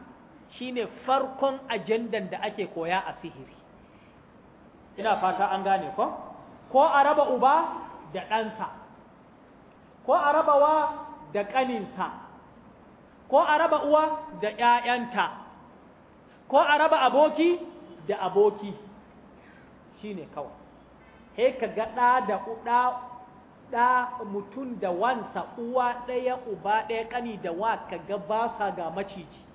shine farkon ajandan da ake koya a sihiri ina fata an gane ko ko a raba uba da ɗansa ko a raba da ƙaninsa ko a raba uwa da ‘ya'yanta ko a raba aboki da aboki shine kawai he ka ga ɗa da ɗa ɗa mutum da wansa uwa ɗaya uba ɗaya ƙani da wa ka ga ba sa ga maciji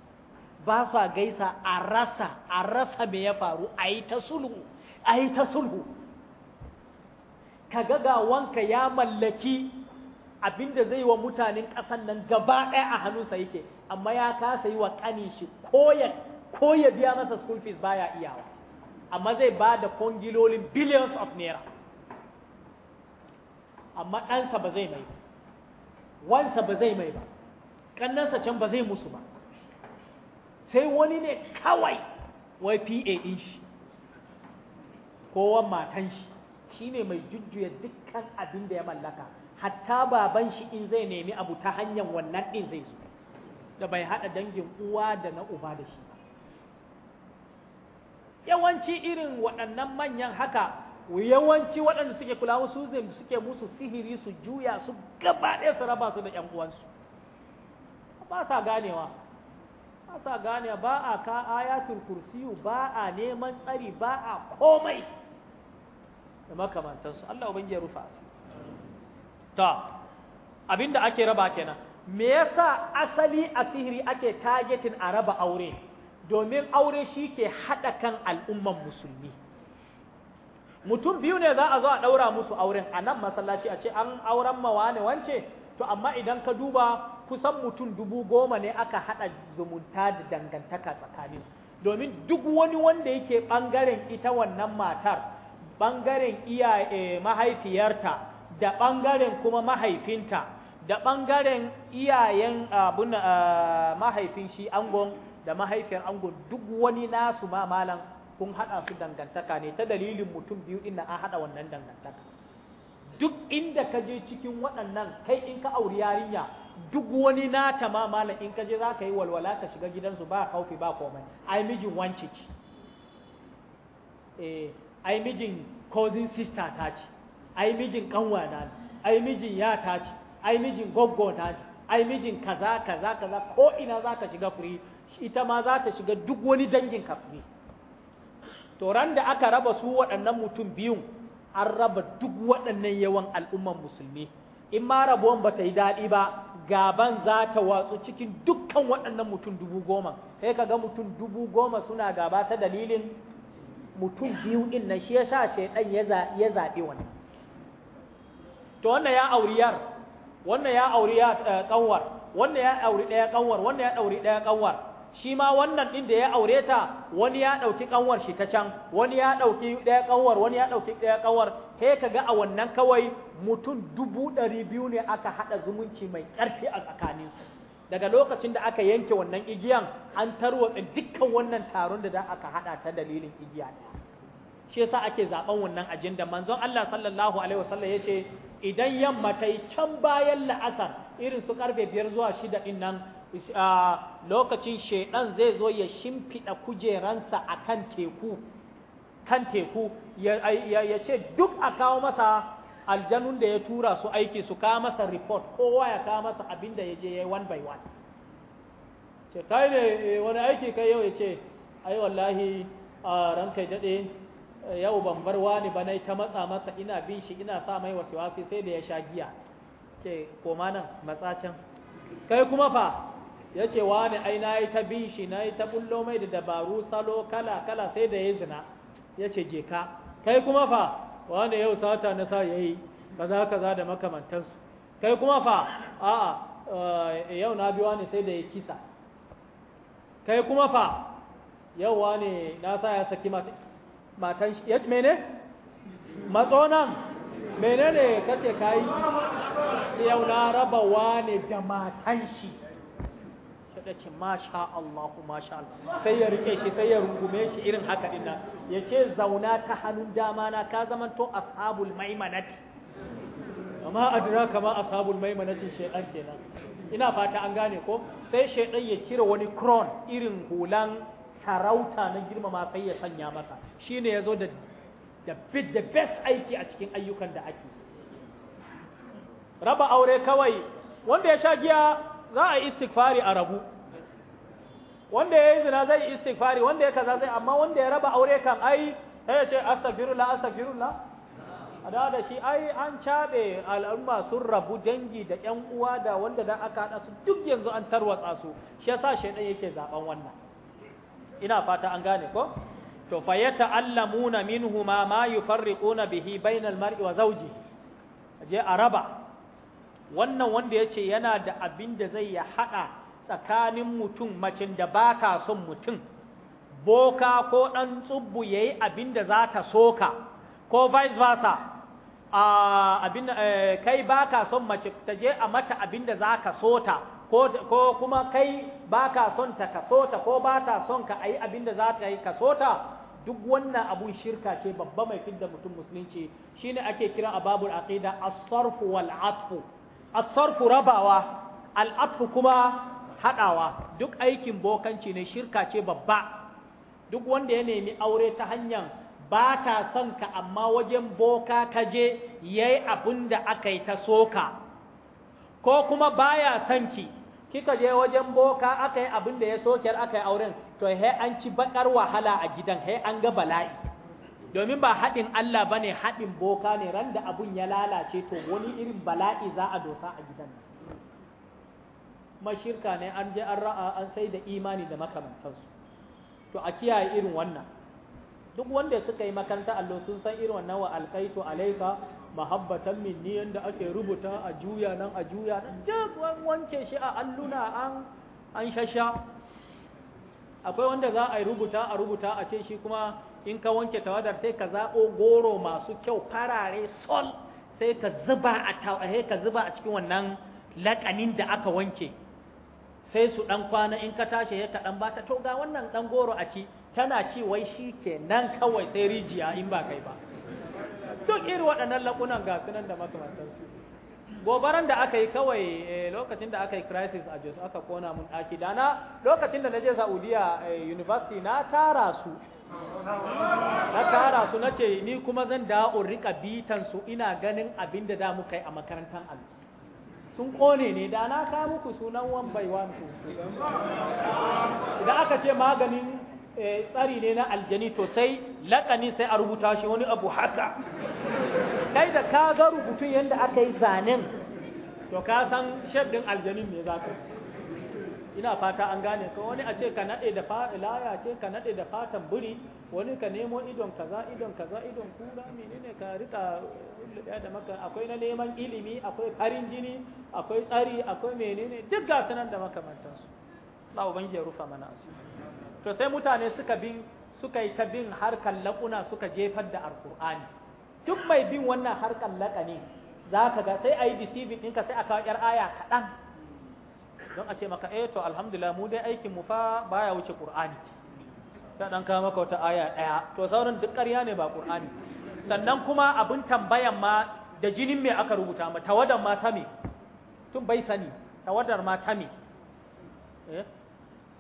ba sa gaisa a rasa a rasa me ya faru a ta sulhu a ta sulhu ka ga ga wanka ya mallaki abinda zai wa mutanen ƙasan nan gaba ɗaya a hannunsa yake amma ya kasa yi wa ƙani shi ko ya biya masa school fees baya iyawa amma zai ba da kongilolin billions of naira amma ɗansa ba zai mai ba wansa ba zai mai ba ƙannansa can ba zai musu ba sai wani ne kawai wai pa ɗin shi kowan matan shi shi ne mai jujjuya dukkan abin da ya mallaka hatta baban shi in zai nemi abu ta hanyar wannan ɗin zai zo da bai haɗa dangin uwa da na uba da shi yawanci irin waɗannan manyan haka yawanci waɗanda suke kula zai suke musu sihiri su juya su gaba ɗaya su raba su da ƴan uwansu ba sa ganewa ba sa gane ba a ka ayatul kursiyu ba a neman tsari ba a komai da makamantansu Allah ubangiji ya rufa su ta abinda ake raba kenan me yasa asali a sihiri ake targetin a raba aure domin aure shi ke haɗa kan al'umman musulmi mutum biyu ne za a zo a ɗaura musu auren a nan masallaci a ce an auren mawa ne wance to amma idan ka duba kusan mutum dubu goma ne aka haɗa zumunta da dangantaka tsakanin domin duk wani wanda yake ɓangaren ita wannan matar ɓangaren iya eh, mahaifiyarta da ɓangaren kuma mahaifinta da ɓangaren iyayen abin eh, mahaifin shi angon da mahaifiyar ango duk wani nasu ma malam kun haɗa su dangantaka ne ta dalilin mutum biyu ina an haɗa wannan dangantaka duk inda ka je cikin waɗannan kai in ka auri yarinya duk wani nata ma malam in ka je za ka yi walwala ka shiga gidansu ba kaufi ba komai ai mijin wance ce eh ai mijin cousin sister ta ce ai mijin kanwa na ai mijin ya ta ce ai mijin ta ci ai mijin kaza kaza kaza ko ina za ka shiga free ita ma za ta shiga duk wani dangin kafne to ran da aka raba su waɗannan mutum biyu an raba duk waɗannan yawan al'umman musulmi in ma rabuwan ba ta yi daɗi ba gaban za ta watsu cikin dukkan waɗannan mutum dubu goma sai ka ga mutum dubu goma suna gaba ta dalilin mutum biyu ɗin nan shi ya sha shaidan ya zaɓi wani. to wannan ya auri ya auri eh, wannan ya auri ɗaya ƙanwar shi ma wannan ɗin da ya aure ta wani ya ɗauki ƙanwar shi ta can wani ya ɗauki ɗaya ƙanwar wani ya ɗauki ɗaya ƙanwar sai ka ga a wannan kawai mutum dubu ɗari biyu ne aka haɗa zumunci mai ƙarfi a tsakaninsu daga lokacin da aka yanke wannan igiyan an tarwatsa dukkan wannan taron da za aka haɗa ta dalilin igiya ɗaya shi yasa ake zaben wannan ajinda manzon Allah sallallahu alaihi wasallam yace idan yamma tai can bayan la'asar irin su karfe biyar zuwa shida din nan lokacin shaidan zai zo ya shimfiɗa kujeransa a kan teku kan teku ya ce duk a kawo masa aljanun da ya tura su aiki su kawo masa report kowa ya kawo masa abin da ya je ya yi one by one ce kai ne eh, wani aiki kai yau ya ce ai wallahi a ranka daɗe yau ban bar wani ba nai ta matsa masa ina bin shi ina sa mai wasiwasi sai da ya sha giya ce koma nan matsacin kai kuma fa ya ce wani ai na yi ta bin shi na yi ta bullo mai da dabaru salo kala kala sai da ya zina ya ce je ka kai kuma fa wani yau sata na sa ya yi kaza kaza da makamantansu kai kuma fa a'a eh, yau na bi wani sai da ya kisa kai kuma fa yau wani na sa ya saki matan shi ya mene matsonan menene kace kai yau na raba wani da matan shi dinga ce masha Allahu masha Allah sai ya rike shi sai ya rungume shi irin haka din nan ya ce zauna ta hannun dama na ka zamanto ashabul maimanati amma adraka ma ashabul maimanati shedan kenan ina fata an gane ko sai shedan ya cire wani crown irin hulan sarauta na girmama sai ya sanya masa shine yazo da da the best aiki a cikin ayyukan da ake raba aure kawai wanda ya sha giya za a istighfari a rabu wanda ya yi zina zai istighfari wanda ya kaza zai amma wanda ya raba aure kan ai sai ya ce astaghfirullah astaghfirullah a da da shi ai an caɓe al'umma sun rabu dangi da ƴan uwa da wanda da aka haɗa su duk yanzu an tarwatsa su shi yasa shaidan yake zaben wannan ina fata an gane ko to fa yata'allamuna minhuma ma yufarriquna bihi bainal mar'i wa zawji je a raba wannan wanda yace yana da abin da zai ya haɗa tsakanin mutum macin da ba ka son mutum boka ko ɗan tsubbu ya yi abin da za ta soka ko vice versa eh, kai ba ka son mace ta je a mata abin da za ka sota ko kuma kai ba ka son ta ka sota ko ba ta son ka a yi abin da za ta yi ka sota duk wannan abun shirka ce babba mai fidda mutum musulunci shi ne ake kira a babul aqida as-sarfu wal atfu as-sarfu rabawa al-atfu kuma haɗawa duk aikin bokanci ne shirka ce babba duk wanda ya nemi aure ta hanyar ba ta son ka amma wajen boka ka je ya yi abin aka yi ta soka ko kuma baya son ki kika je wajen boka aka yi abin ya sokiyar aka auren to he an ci bakar wahala a gidan he an ga bala'i domin ba haɗin Allah bane ne haɗin boka ne randa da abun ya lalace to wani irin bala'i za a dosa a gidan nan mashirka ne an je an ra'a an sai da imani da makamantansu to a kiyaye irin wannan duk wanda suka yi makaranta allo sun san irin wannan wa alkaitu alaika mahabbatan minni yanda ake rubuta a juya nan a juya nan duk wanke shi a alluna an an shasha akwai wanda za a rubuta a rubuta a ce shi kuma in ka wanke tawadar sai ka zaɓo goro masu kyau farare sol sai ka zuba a cikin wannan lakanin da aka wanke sai su ɗan kwana in ka tashi ya kaɗan ba ta to ga wannan ɗan goro a ci tana ci wai shi ke nan kawai sai rijiya in ba kai ba duk irin waɗannan laƙunan ga sunan da makamantansu gobaran da aka yi kawai eh, lokacin da aka yi crisis a jos aka kona mun ɗaki dana lokacin da na je saudiya eh, university na tara su na tara su na ce ni kuma zan da'o rika bitan su ina ganin abin da za mu kai a makarantar allah. sun kone ne da na ka muku sunan wan bai wan ku idan aka ce maganin eh, tsari ne na aljani to sai laƙani sai a rubuta shi wani abu haka kai da ka ga rubutun yadda aka yi zanen to ka san shef din aljanin ne za ka yi ina fata an gane ka wani a ce ka nade da laya ce ka nade da fatan buri wani ka nemo idon kaza idon kaza idon kura menene ka rika ya da maka akwai na neman ilimi akwai farin jini akwai tsari akwai menene duk ga sanan da su Allah ubangiji ya rufa mana su to sai mutane suka bin suka yi ta bin harkan laƙuna suka jefar da alƙur'ani duk mai bin wannan harkan laƙa ne za ka ga sai a yi deceiving ɗinka sai a kawo ‘yar aya kaɗan don a ce maka eh to alhamdulillah mu dai aikin mu fa baya wuce qur'ani ta dan kawo maka wata aya daya to sauran duk ƙarya ne ba qur'ani sannan kuma abin tambayan ma da jinin me aka rubuta ma tawadar ma ta me tun bai sani tawadar ma ta me eh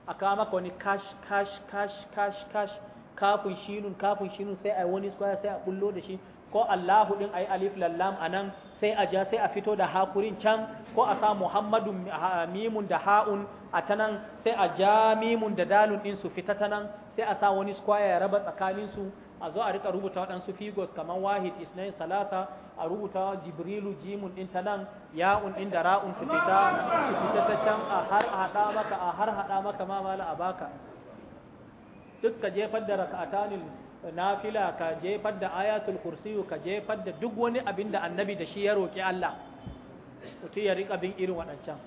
aka maka wani kash kash kash kash kash kafin shinun kafin shinun sai ai wani square sai a bullo da shi ko Allahu din ai alif lam anan sai a ja sai a fito da hakurin can ko a sa muhammadu mimun da ha'un a ta nan sai a ja mimun da dalun ɗin su fita ta nan sai a sa wani square ya raba tsakanin su a zo a rika rubuta waɗansu figos kamar wahid isnain salasa a rubuta jibrilu jimun ɗin ta nan ya'un ɗin da ra'un su fita su fita ta can a har haɗa maka a har haɗa maka ma mala a baka duk ka jefar da raka'atanil nafila ka jefar da ayatul kursiyu ka jefar da duk wani abin da annabi da shi ya roƙi Allah mutum ya riƙa bin irin waɗancan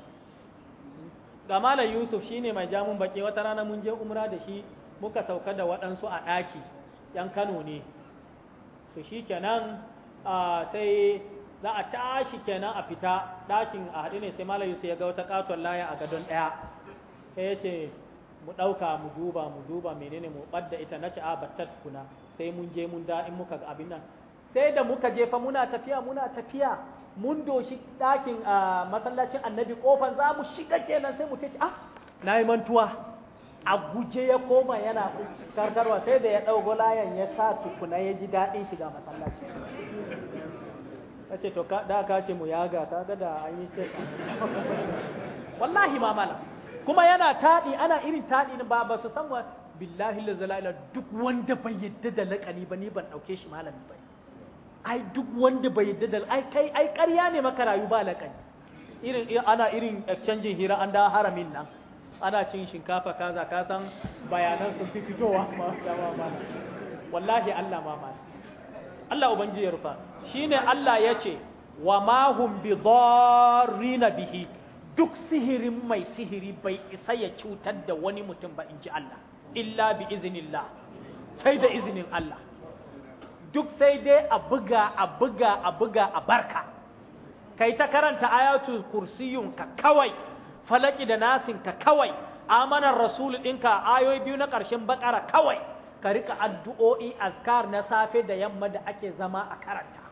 ga malam yusuf shine mai jamun baki wata rana mun je umra da shi muka sauka da waɗansu a ɗaki yan kano ne to shi kenan sai za a tashi kenan a fita ɗakin a haɗu ne sai malam yusuf ya ga wata ƙatuwar laya a gadon ɗaya sai ya ce mu ɗauka mu duba mu duba menene mu ɓadda ita na ci a kuna sai mun je mun da in muka ga abin nan sai da muka jefa muna tafiya muna tafiya mun doshi ɗakin a masallacin annabi kofan za mu shiga kenan sai mu ce ah na yi mantuwa a guje ya koma yana karkarwa sai da ya ɗaugo layan ya sa tukuna ya ji daɗin shiga masallaci ta ce to da ka ce mu yaga ta ga da an yi ce wallahi ma mala kuma yana taɗi ana irin taɗi ba ba su san wa billahi la duk wanda bai yadda da laƙani ba ni ban ɗauke shi malami ba ai duk wanda bai yadda da ai kai ai ƙarya ne maka rayu ba laƙani irin ana irin exchange hira an da haramin nan ana cin shinkafa kaza ka san bayanan sun fi fitowa ma wallahi Allah ma ma Allah ubangiji ya rufa shine Allah yace wa ma hum bi bihi duk sihirin mai sihiri bai isa ya cutar da wani mutum ba in ji Allah illa bi izinillah sai da izinin Allah duk sai dai a buga a buga a buga a barka kai ta karanta ayatul kursiyun ka kawai falaki da nasin ka kawai amanar rasul ɗinka ayoyi biyu na ƙarshen bakara kawai ka rika addu'o'i azkar na safe da yamma da ake zama a karanta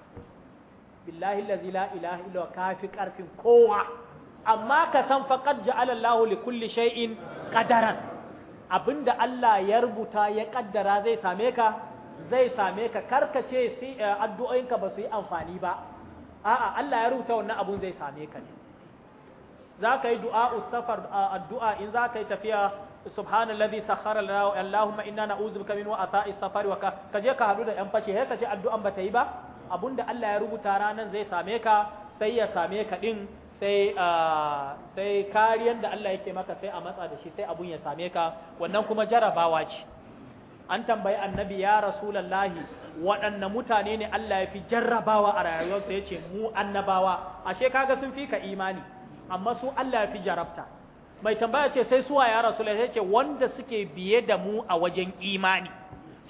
billahi la ilaha illa kafi ƙarfin kowa amma ka san faqad ja'ala li kulli shay'in qadaran abinda Allah ya rubuta ya kaddara zai same ka zai same ka karkace sai eh, addu'o'inka ba su yi amfani ba a'a Allah ya rubuta wannan abun zai same ka ne ka yi du'a ustafar addu'a in ka yi tafiya subhana alladhi sakhara lana allahumma inna na'udhu bika min wa'ata'i safari wa ka je ka haɗu da yan fashe ka ce addu'an bata yi ba abunda Allah ya rubuta ranan zai same ka sai ya same ka din sai ah, sai kariyar da Allah yake maka sai a matsa da shi sai abun ya same ka wannan kuma jarabawa ce an tambayi annabi ya rasulallahi waɗanne mutane ne Allah ya fi jarrabawa a rayuwarsa ya ce mu annabawa ashe kaga sun fi ka imani amma su Allah ya fi jarabta mai tambaya ce sai suwa ya rasulallahi Sai ce wanda suke biye da mu a wajen imani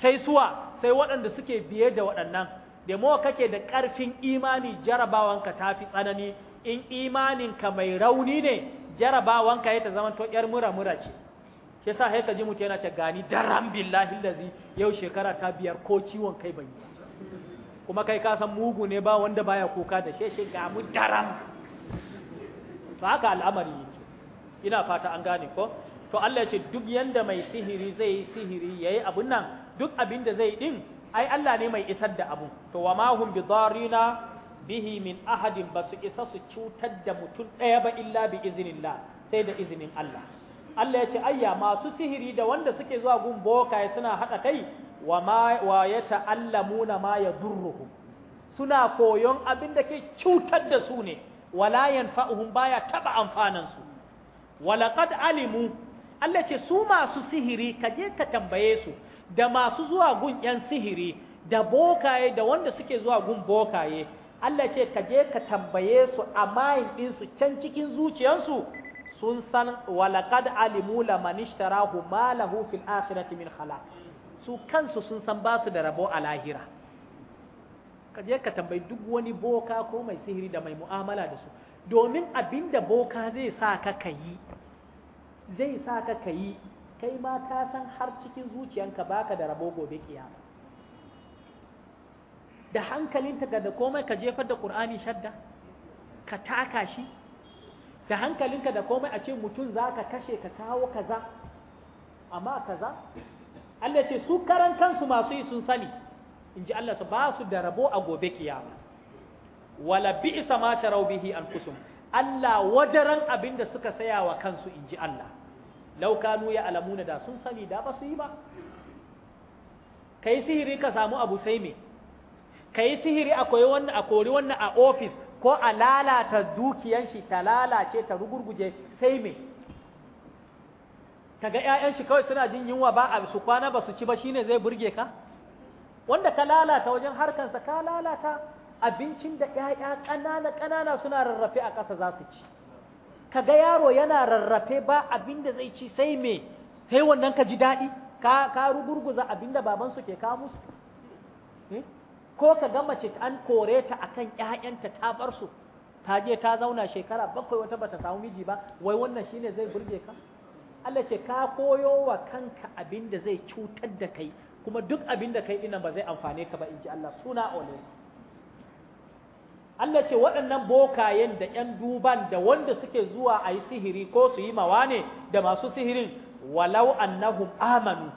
sai suwa sai waɗanda suke biye da waɗannan da kake da ƙarfin imani jarabawanka ta fi tsanani in imaninka mai rauni ne jarabawanka ya ta zama to ‘yar mura-mura ce, shi sa haika ji mutu yana ce gani daram billahi lazi yau shekara ta biyar ko ciwon kai bai kuma kai ka san mugu ne ba wanda baya kuka da sheshe ga mu daram to haka al'amari yake ina fata an gane ko to Allah ya ce duk yanda mai sihiri zai yi sihiri yayi abun nan duk abin da zai din ai Allah ne mai isar da abu to wa ma hum bidarina bihi min ahadin ba su isa su cutar da mutum ɗaya ba illa bi izinillah sai da izinin Allah Allah ya ce ayya masu sihiri da wanda suke zuwa gun bokaye suna haɗa kai wa ya na ma ya durruhu suna koyon abin da ke cutar da su ne wala yanfa'uhum baya taɓa amfanansu walaƙad alimu Allah ce su masu sihiri ka je ka tambaye su da masu zuwa gun ‘yan sihiri da bokaye da wanda suke zuwa gun bokaye Allah ce ka je ka tambaye su a mayin ɗinsu can cikin zuciyarsu sun san walaqad alimu laman ishtarahu ma lahu fil akhirati min khala su kansu sun san basu da rabo a lahira ka je ka tambayi duk wani boka ko mai sihiri da mai mu'amala da su domin abinda boka zai sa ka kayi zai sa ka kayi kai ma ka san har cikin zuciyanka baka da rabo gobe kiyama da hankalinta ga da komai ka jefar da ƙur'ani shadda ka taka shi da hankalinka da komai a ce mutum za ka kashe ka kawo kaza amma kaza Allah ce su karan kansu masu yi sun sani in ji Allah su ba su da rabo a gobe kiyama wala bi isa ma sharau bihi anfusum Allah wadaran abin da suka saya wa kansu in ji Allah law kanu ya alamuna da sun sani da ba su yi ba yi sihiri ka samu abu sai me ka yi sihiri a koyi wannan a kori wannan a ofis ko a lalata dukiyan shi ta lalace ta rugurguje sai me kaga ƴaƴan shi kawai suna jin yunwa ba a su kwana ba su ci ba shine zai burge ka wanda ka lalata wajen harkansa ka lalata abincin da ƴaƴa ƙanana ƙanana suna rarrafe a ƙasa za su ci kaga yaro yana rarrafe ba abin da zai ci sai me sai wannan ka ji daɗi ka ka rugurguza abin da babansu ke kawo musu hmm? ko ka ga mace an kore ta akan ƴaƴanta ta bar su ta je ta zauna shekara bakwai wata bata samu miji ba wai wannan shine zai burge ka Allah ce ka koyo wa kanka abin da zai cutar da kai kuma duk abin da kai dinnan ba zai amfane ka ba in ji Allah suna ole Allah ce waɗannan bokayen da ƴan duban da wanda suke zuwa a yi sihiri ko su yi mawane da masu sihirin walau annahum amanu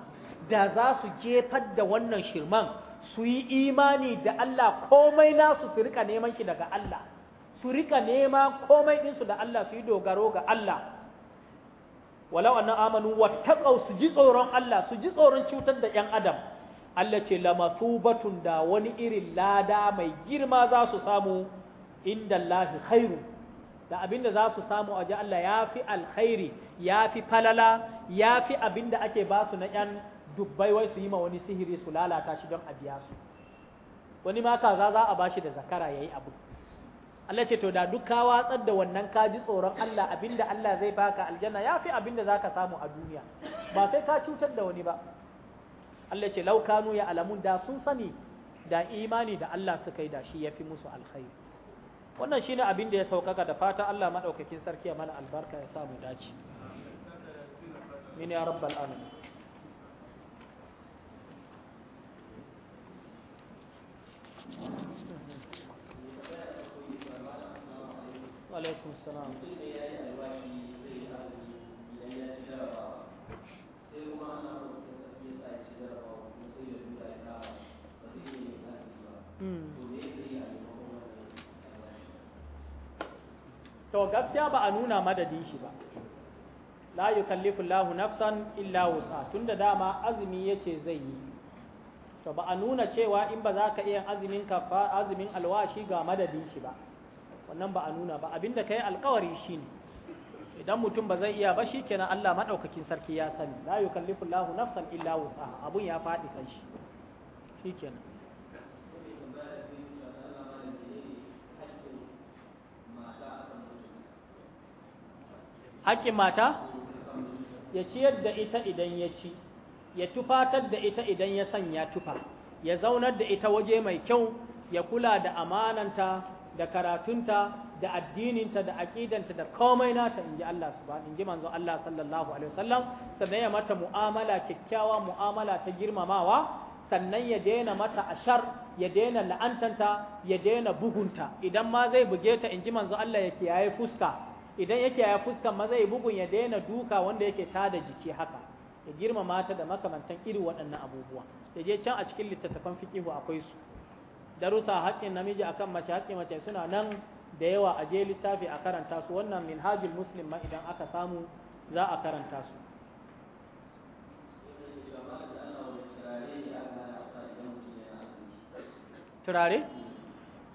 da za su jefar da wannan shirman su yi imani da Allah komai nasu su rika neman shi daga Allah su rika nema komai ɗinsu da Allah su yi dogaro ga Allah walau annan amanu wattaqau su ji tsoron Allah su ji tsoron cutar da yan adam Allah ce batun da wani irin lada mai girma za su samu inda Allah khairu da abinda za su samu a ji Allah ya fi alkhairi ya fi falala ya fi abinda ake basu na yan. dubbai wai su yi ma wani sihiri su lalata shi don a biya su wani ma kaza za a bashi da zakara yayi abu Allah ce to da duk ka watsar da wannan ka ji tsoron Allah abinda Allah zai baka aljanna yafi abinda ka samu a duniya ba sai ka cutar da wani ba Allah ce laukanu ya alamun da sun sani da imani da Allah suka yi da shi ya fi musu alkhairi wannan shine abin da ya saukaka da fata Allah madaukakin sarki ya mana albarka ya samu dace min ya rabbal alamin alaikum salam hmm. to gaskiya ba a nuna madadi shi ba la yukallifu Allahu nafsan illa wusa tunda dama azumi yace zai yi to ba a nuna cewa in ba za ka iya azumin ka azumin alwashi ga madadin shi ba wannan ba a nuna ba abin abinda kai alkawari shine idan mutum ba zai iya ba shi shikenan Allah madaukakin sarki ya sani la yukallifu Allahu nafsan illa wusaha abun ya faɗi kan shi shikenan haƙƙin mata ya ciyar da ita idan ya ci ya tufatar da ita idan ya sanya tufa ya zaunar da ita waje mai kyau ya kula da amananta da karatunta da addininta da aƙidanta da komai nata inji Allah subhanahu inji manzo Allah sallallahu alaihi wasallam sannan ya mata mu'amala kyakkyawa mu'amala ta girmamawa sannan ya daina mata ashar ya daina la'antanta ya daina bugunta idan ma zai buge ta inji manzo Allah ya kiyaye fuska idan ya kiyaye fuskan ma zai bugun ya daina duka wanda yake tada jiki haka ya girmama ta da makamantan irin waɗannan abubuwa ya je can a cikin littattafan fiqihu akwai su darussa haƙƙin namiji akan mace haƙƙin mace suna nan da yawa a je littafi a karanta su wannan min minhajul muslim ma idan aka samu za a karanta su turare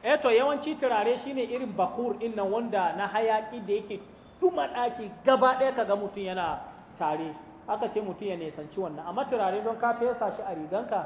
eto eh yawanci turare shine irin bakur din wanda na hayaƙi da yake tuma ɗaki gaba ɗaya ka ga mutum yana tare aka ce mutum ya nisanci wannan amma turare don ka fesa shi a riganka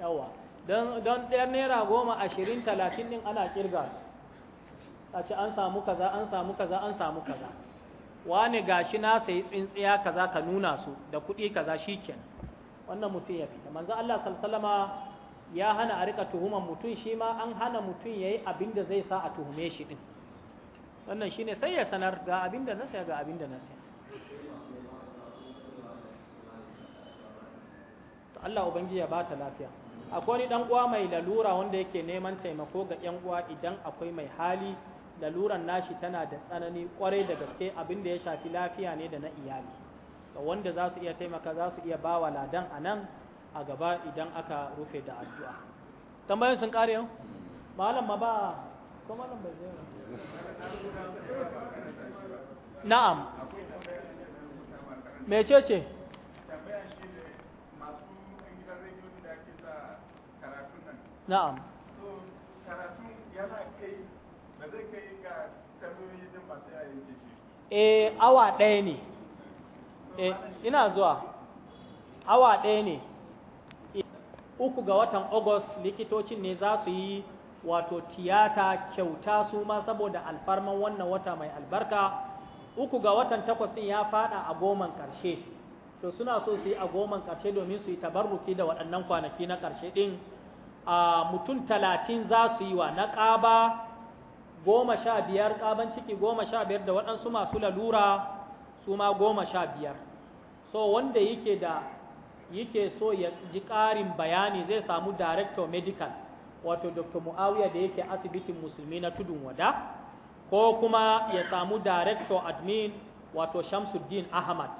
yawa don ɗayar naira goma ashirin talatin ɗin ana ƙirga a ce an samu kaza an samu kaza an samu kaza wani gashi na sayi tsintsiya kaza ka nuna su da kuɗi kaza shi kenan. wannan mutum ya fita manzo Allah sallallahu ya hana a rika tuhuman mutum shi ma an hana mutum yayi abin da zai sa a tuhume shi din wannan shine sai ya sanar ga abin da na saya ga abin da na saya to Allah ubangiji ya bata lafiya akwai wani dan uwa mai lalura wanda yake neman taimako ga yan uwa idan akwai mai hali laluran nashi tana da tsanani kwarai da gaske abin da ya shafi lafiya ne da na iyali ga wanda za su iya taimaka za su iya ba wa ladan a nan a gaba idan aka rufe da addu'a tambayan sun kare yau malam ma ba ko malam bai na'am mecece na'am eh awa ɗaya ne eh ina zuwa awa ɗaya ne eh, uku ga watan August likitocin ne za su yi wato tiyata kyauta su ma saboda alfarman wannan wata mai albarka uku ga watan takwas ɗin ya fada a goman ƙarshe to suna so su yi a goman ƙarshe domin su yi tabarruki da waɗannan kwanaki na ƙarshe ɗin a mutum talatin za su yi wa na ƙaba goma sha biyar ƙaban ciki goma sha biyar da waɗansu masu lalura su ma goma sha biyar so wanda yake da yake so ya ji ƙarin bayani zai samu director medical wato dr muawiya da yake asibitin musulmi na tudun wada ko kuma ya samu director admin wato shamsuddin ahmad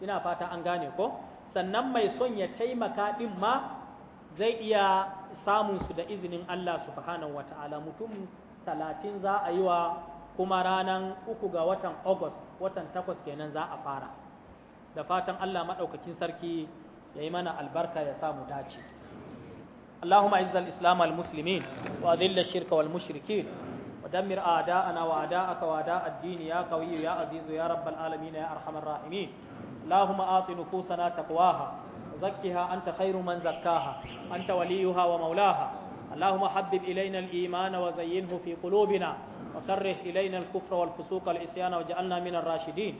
ina fata an gane ko sannan mai son ya taimaka ɗin ma zai iya samun su da izinin Allah subhanahu wata'ala mutum talatin za a yi wa kuma ranar uku ga watan August watan takwas kenan za a fara da fatan Allah maɗaukakin sarki ya yi mana albarka ya samu dace اللهم اعز الاسلام والمسلمين واذل الشرك والمشركين ودمر اعداءنا واعداءك واعداء الدين يا قوي يا عزيز يا رب العالمين يا ارحم الراحمين اللهم اعط نفوسنا تقواها زكها أنت خير من زكاها أنت وليها ومولاها اللهم حبب إلينا الإيمان وزينه في قلوبنا وكره إلينا الكفر والفسوق والعصيان واجعلنا من الراشدين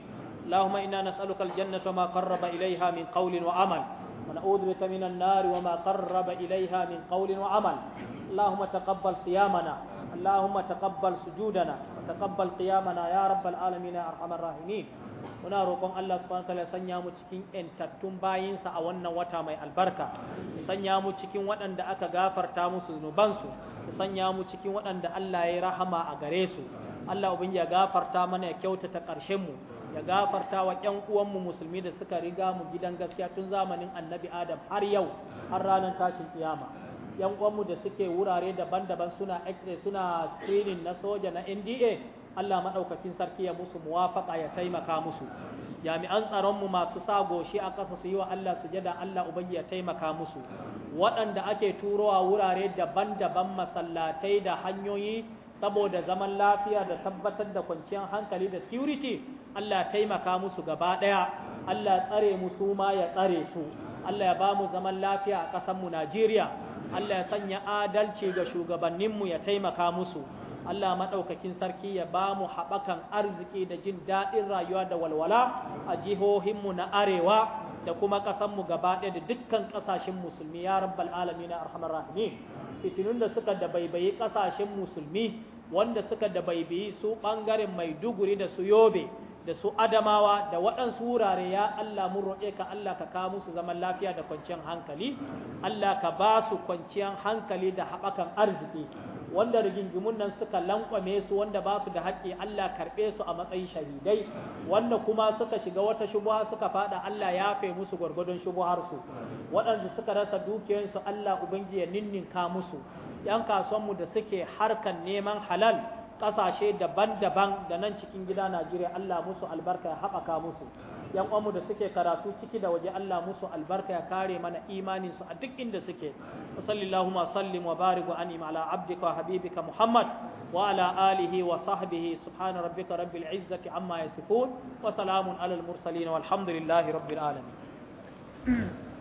اللهم إنا نسألك الجنة ما قرب إليها من قول وعمل ونعوذ بك من النار وما قرب إليها من قول وعمل اللهم تقبل صيامنا اللهم تقبل سجودنا وتقبل قيامنا يا رب العالمين يا ارحم الراحمين muna roƙon Allah subhanahu wataala ya sanya mu cikin ƴantattun bayinsa a wannan wata mai albarka ya sanya mu cikin waɗanda aka gafarta musu zunubansu ya sanya mu cikin waɗanda Allah ya rahama a gare su Allah ubin ya gafarta mana ya kyautata ƙarshen mu ya gafarta wa ƴan uwanmu musulmi da suka riga mu gidan gaskiya tun zamanin annabi adam har yau har ranar tashin kiyama yan uwanmu da suke wurare daban-daban suna x-ray suna screening na soja na NDA Allah maɗaukacin sarki ya musu muwafaƙa ya taimaka musu jami'an tsaronmu masu sa goshi a ƙasa su yi wa Allah su jada Allah ubangi ya taimaka musu waɗanda ake turowa wurare daban-daban masallatai da hanyoyi saboda zaman lafiya da tabbatar da kwanciyar hankali da security Allah ya taimaka musu gaba ɗaya Allah ya tsare mu su ma ya tsare su Allah ya ba mu zaman lafiya a ƙasarmu Najeriya Allah ya sanya adalci ga shugabanninmu ya taimaka musu Allah maɗaukakin sarki ya ba mu haɓakan arziki da jin daɗin rayuwa da walwala a jihohinmu na arewa da kuma ƙasanmu gaba ɗaya da dukkan ƙasashen musulmi ya rabbal alamin arhamar rahimin fitinun da suka dabaibayi ƙasashen musulmi wanda suka dabaibayi su ɓangaren maiduguri da su yobe da su adamawa da waɗansu wurare ya Allah mun roƙe ka Allah ka kawo musu zaman lafiya da kwanciyar hankali Allah ka ba su kwanciyar hankali da haɓakan arziki wanda rigingimun nan suka lankwame su wanda ba su da haƙƙi Allah karɓe su a matsayin shahidai wanda kuma suka shiga wata shubuha suka faɗa Allah ya fe musu gwargwadon shubuhar su waɗanda suka rasa dukiyarsu Allah ubangiji ya ninninka musu yan kasuwanmu da suke harkan neman halal ƙasashe daban-daban da nan cikin gida Najeriya Allah musu albarka ya haɓaka musu yan uwanmu da suke karatu ciki da waje Allah musu albarka ya kare mana imaninsu a duk inda suke sallallahu ma sallim wa barik wa ala abdika wa habibika Muhammad wa ala alihi wa sahbihi subhana rabbika rabbil izzati amma yasifun wa salamun alal mursalin walhamdulillahi rabbil alamin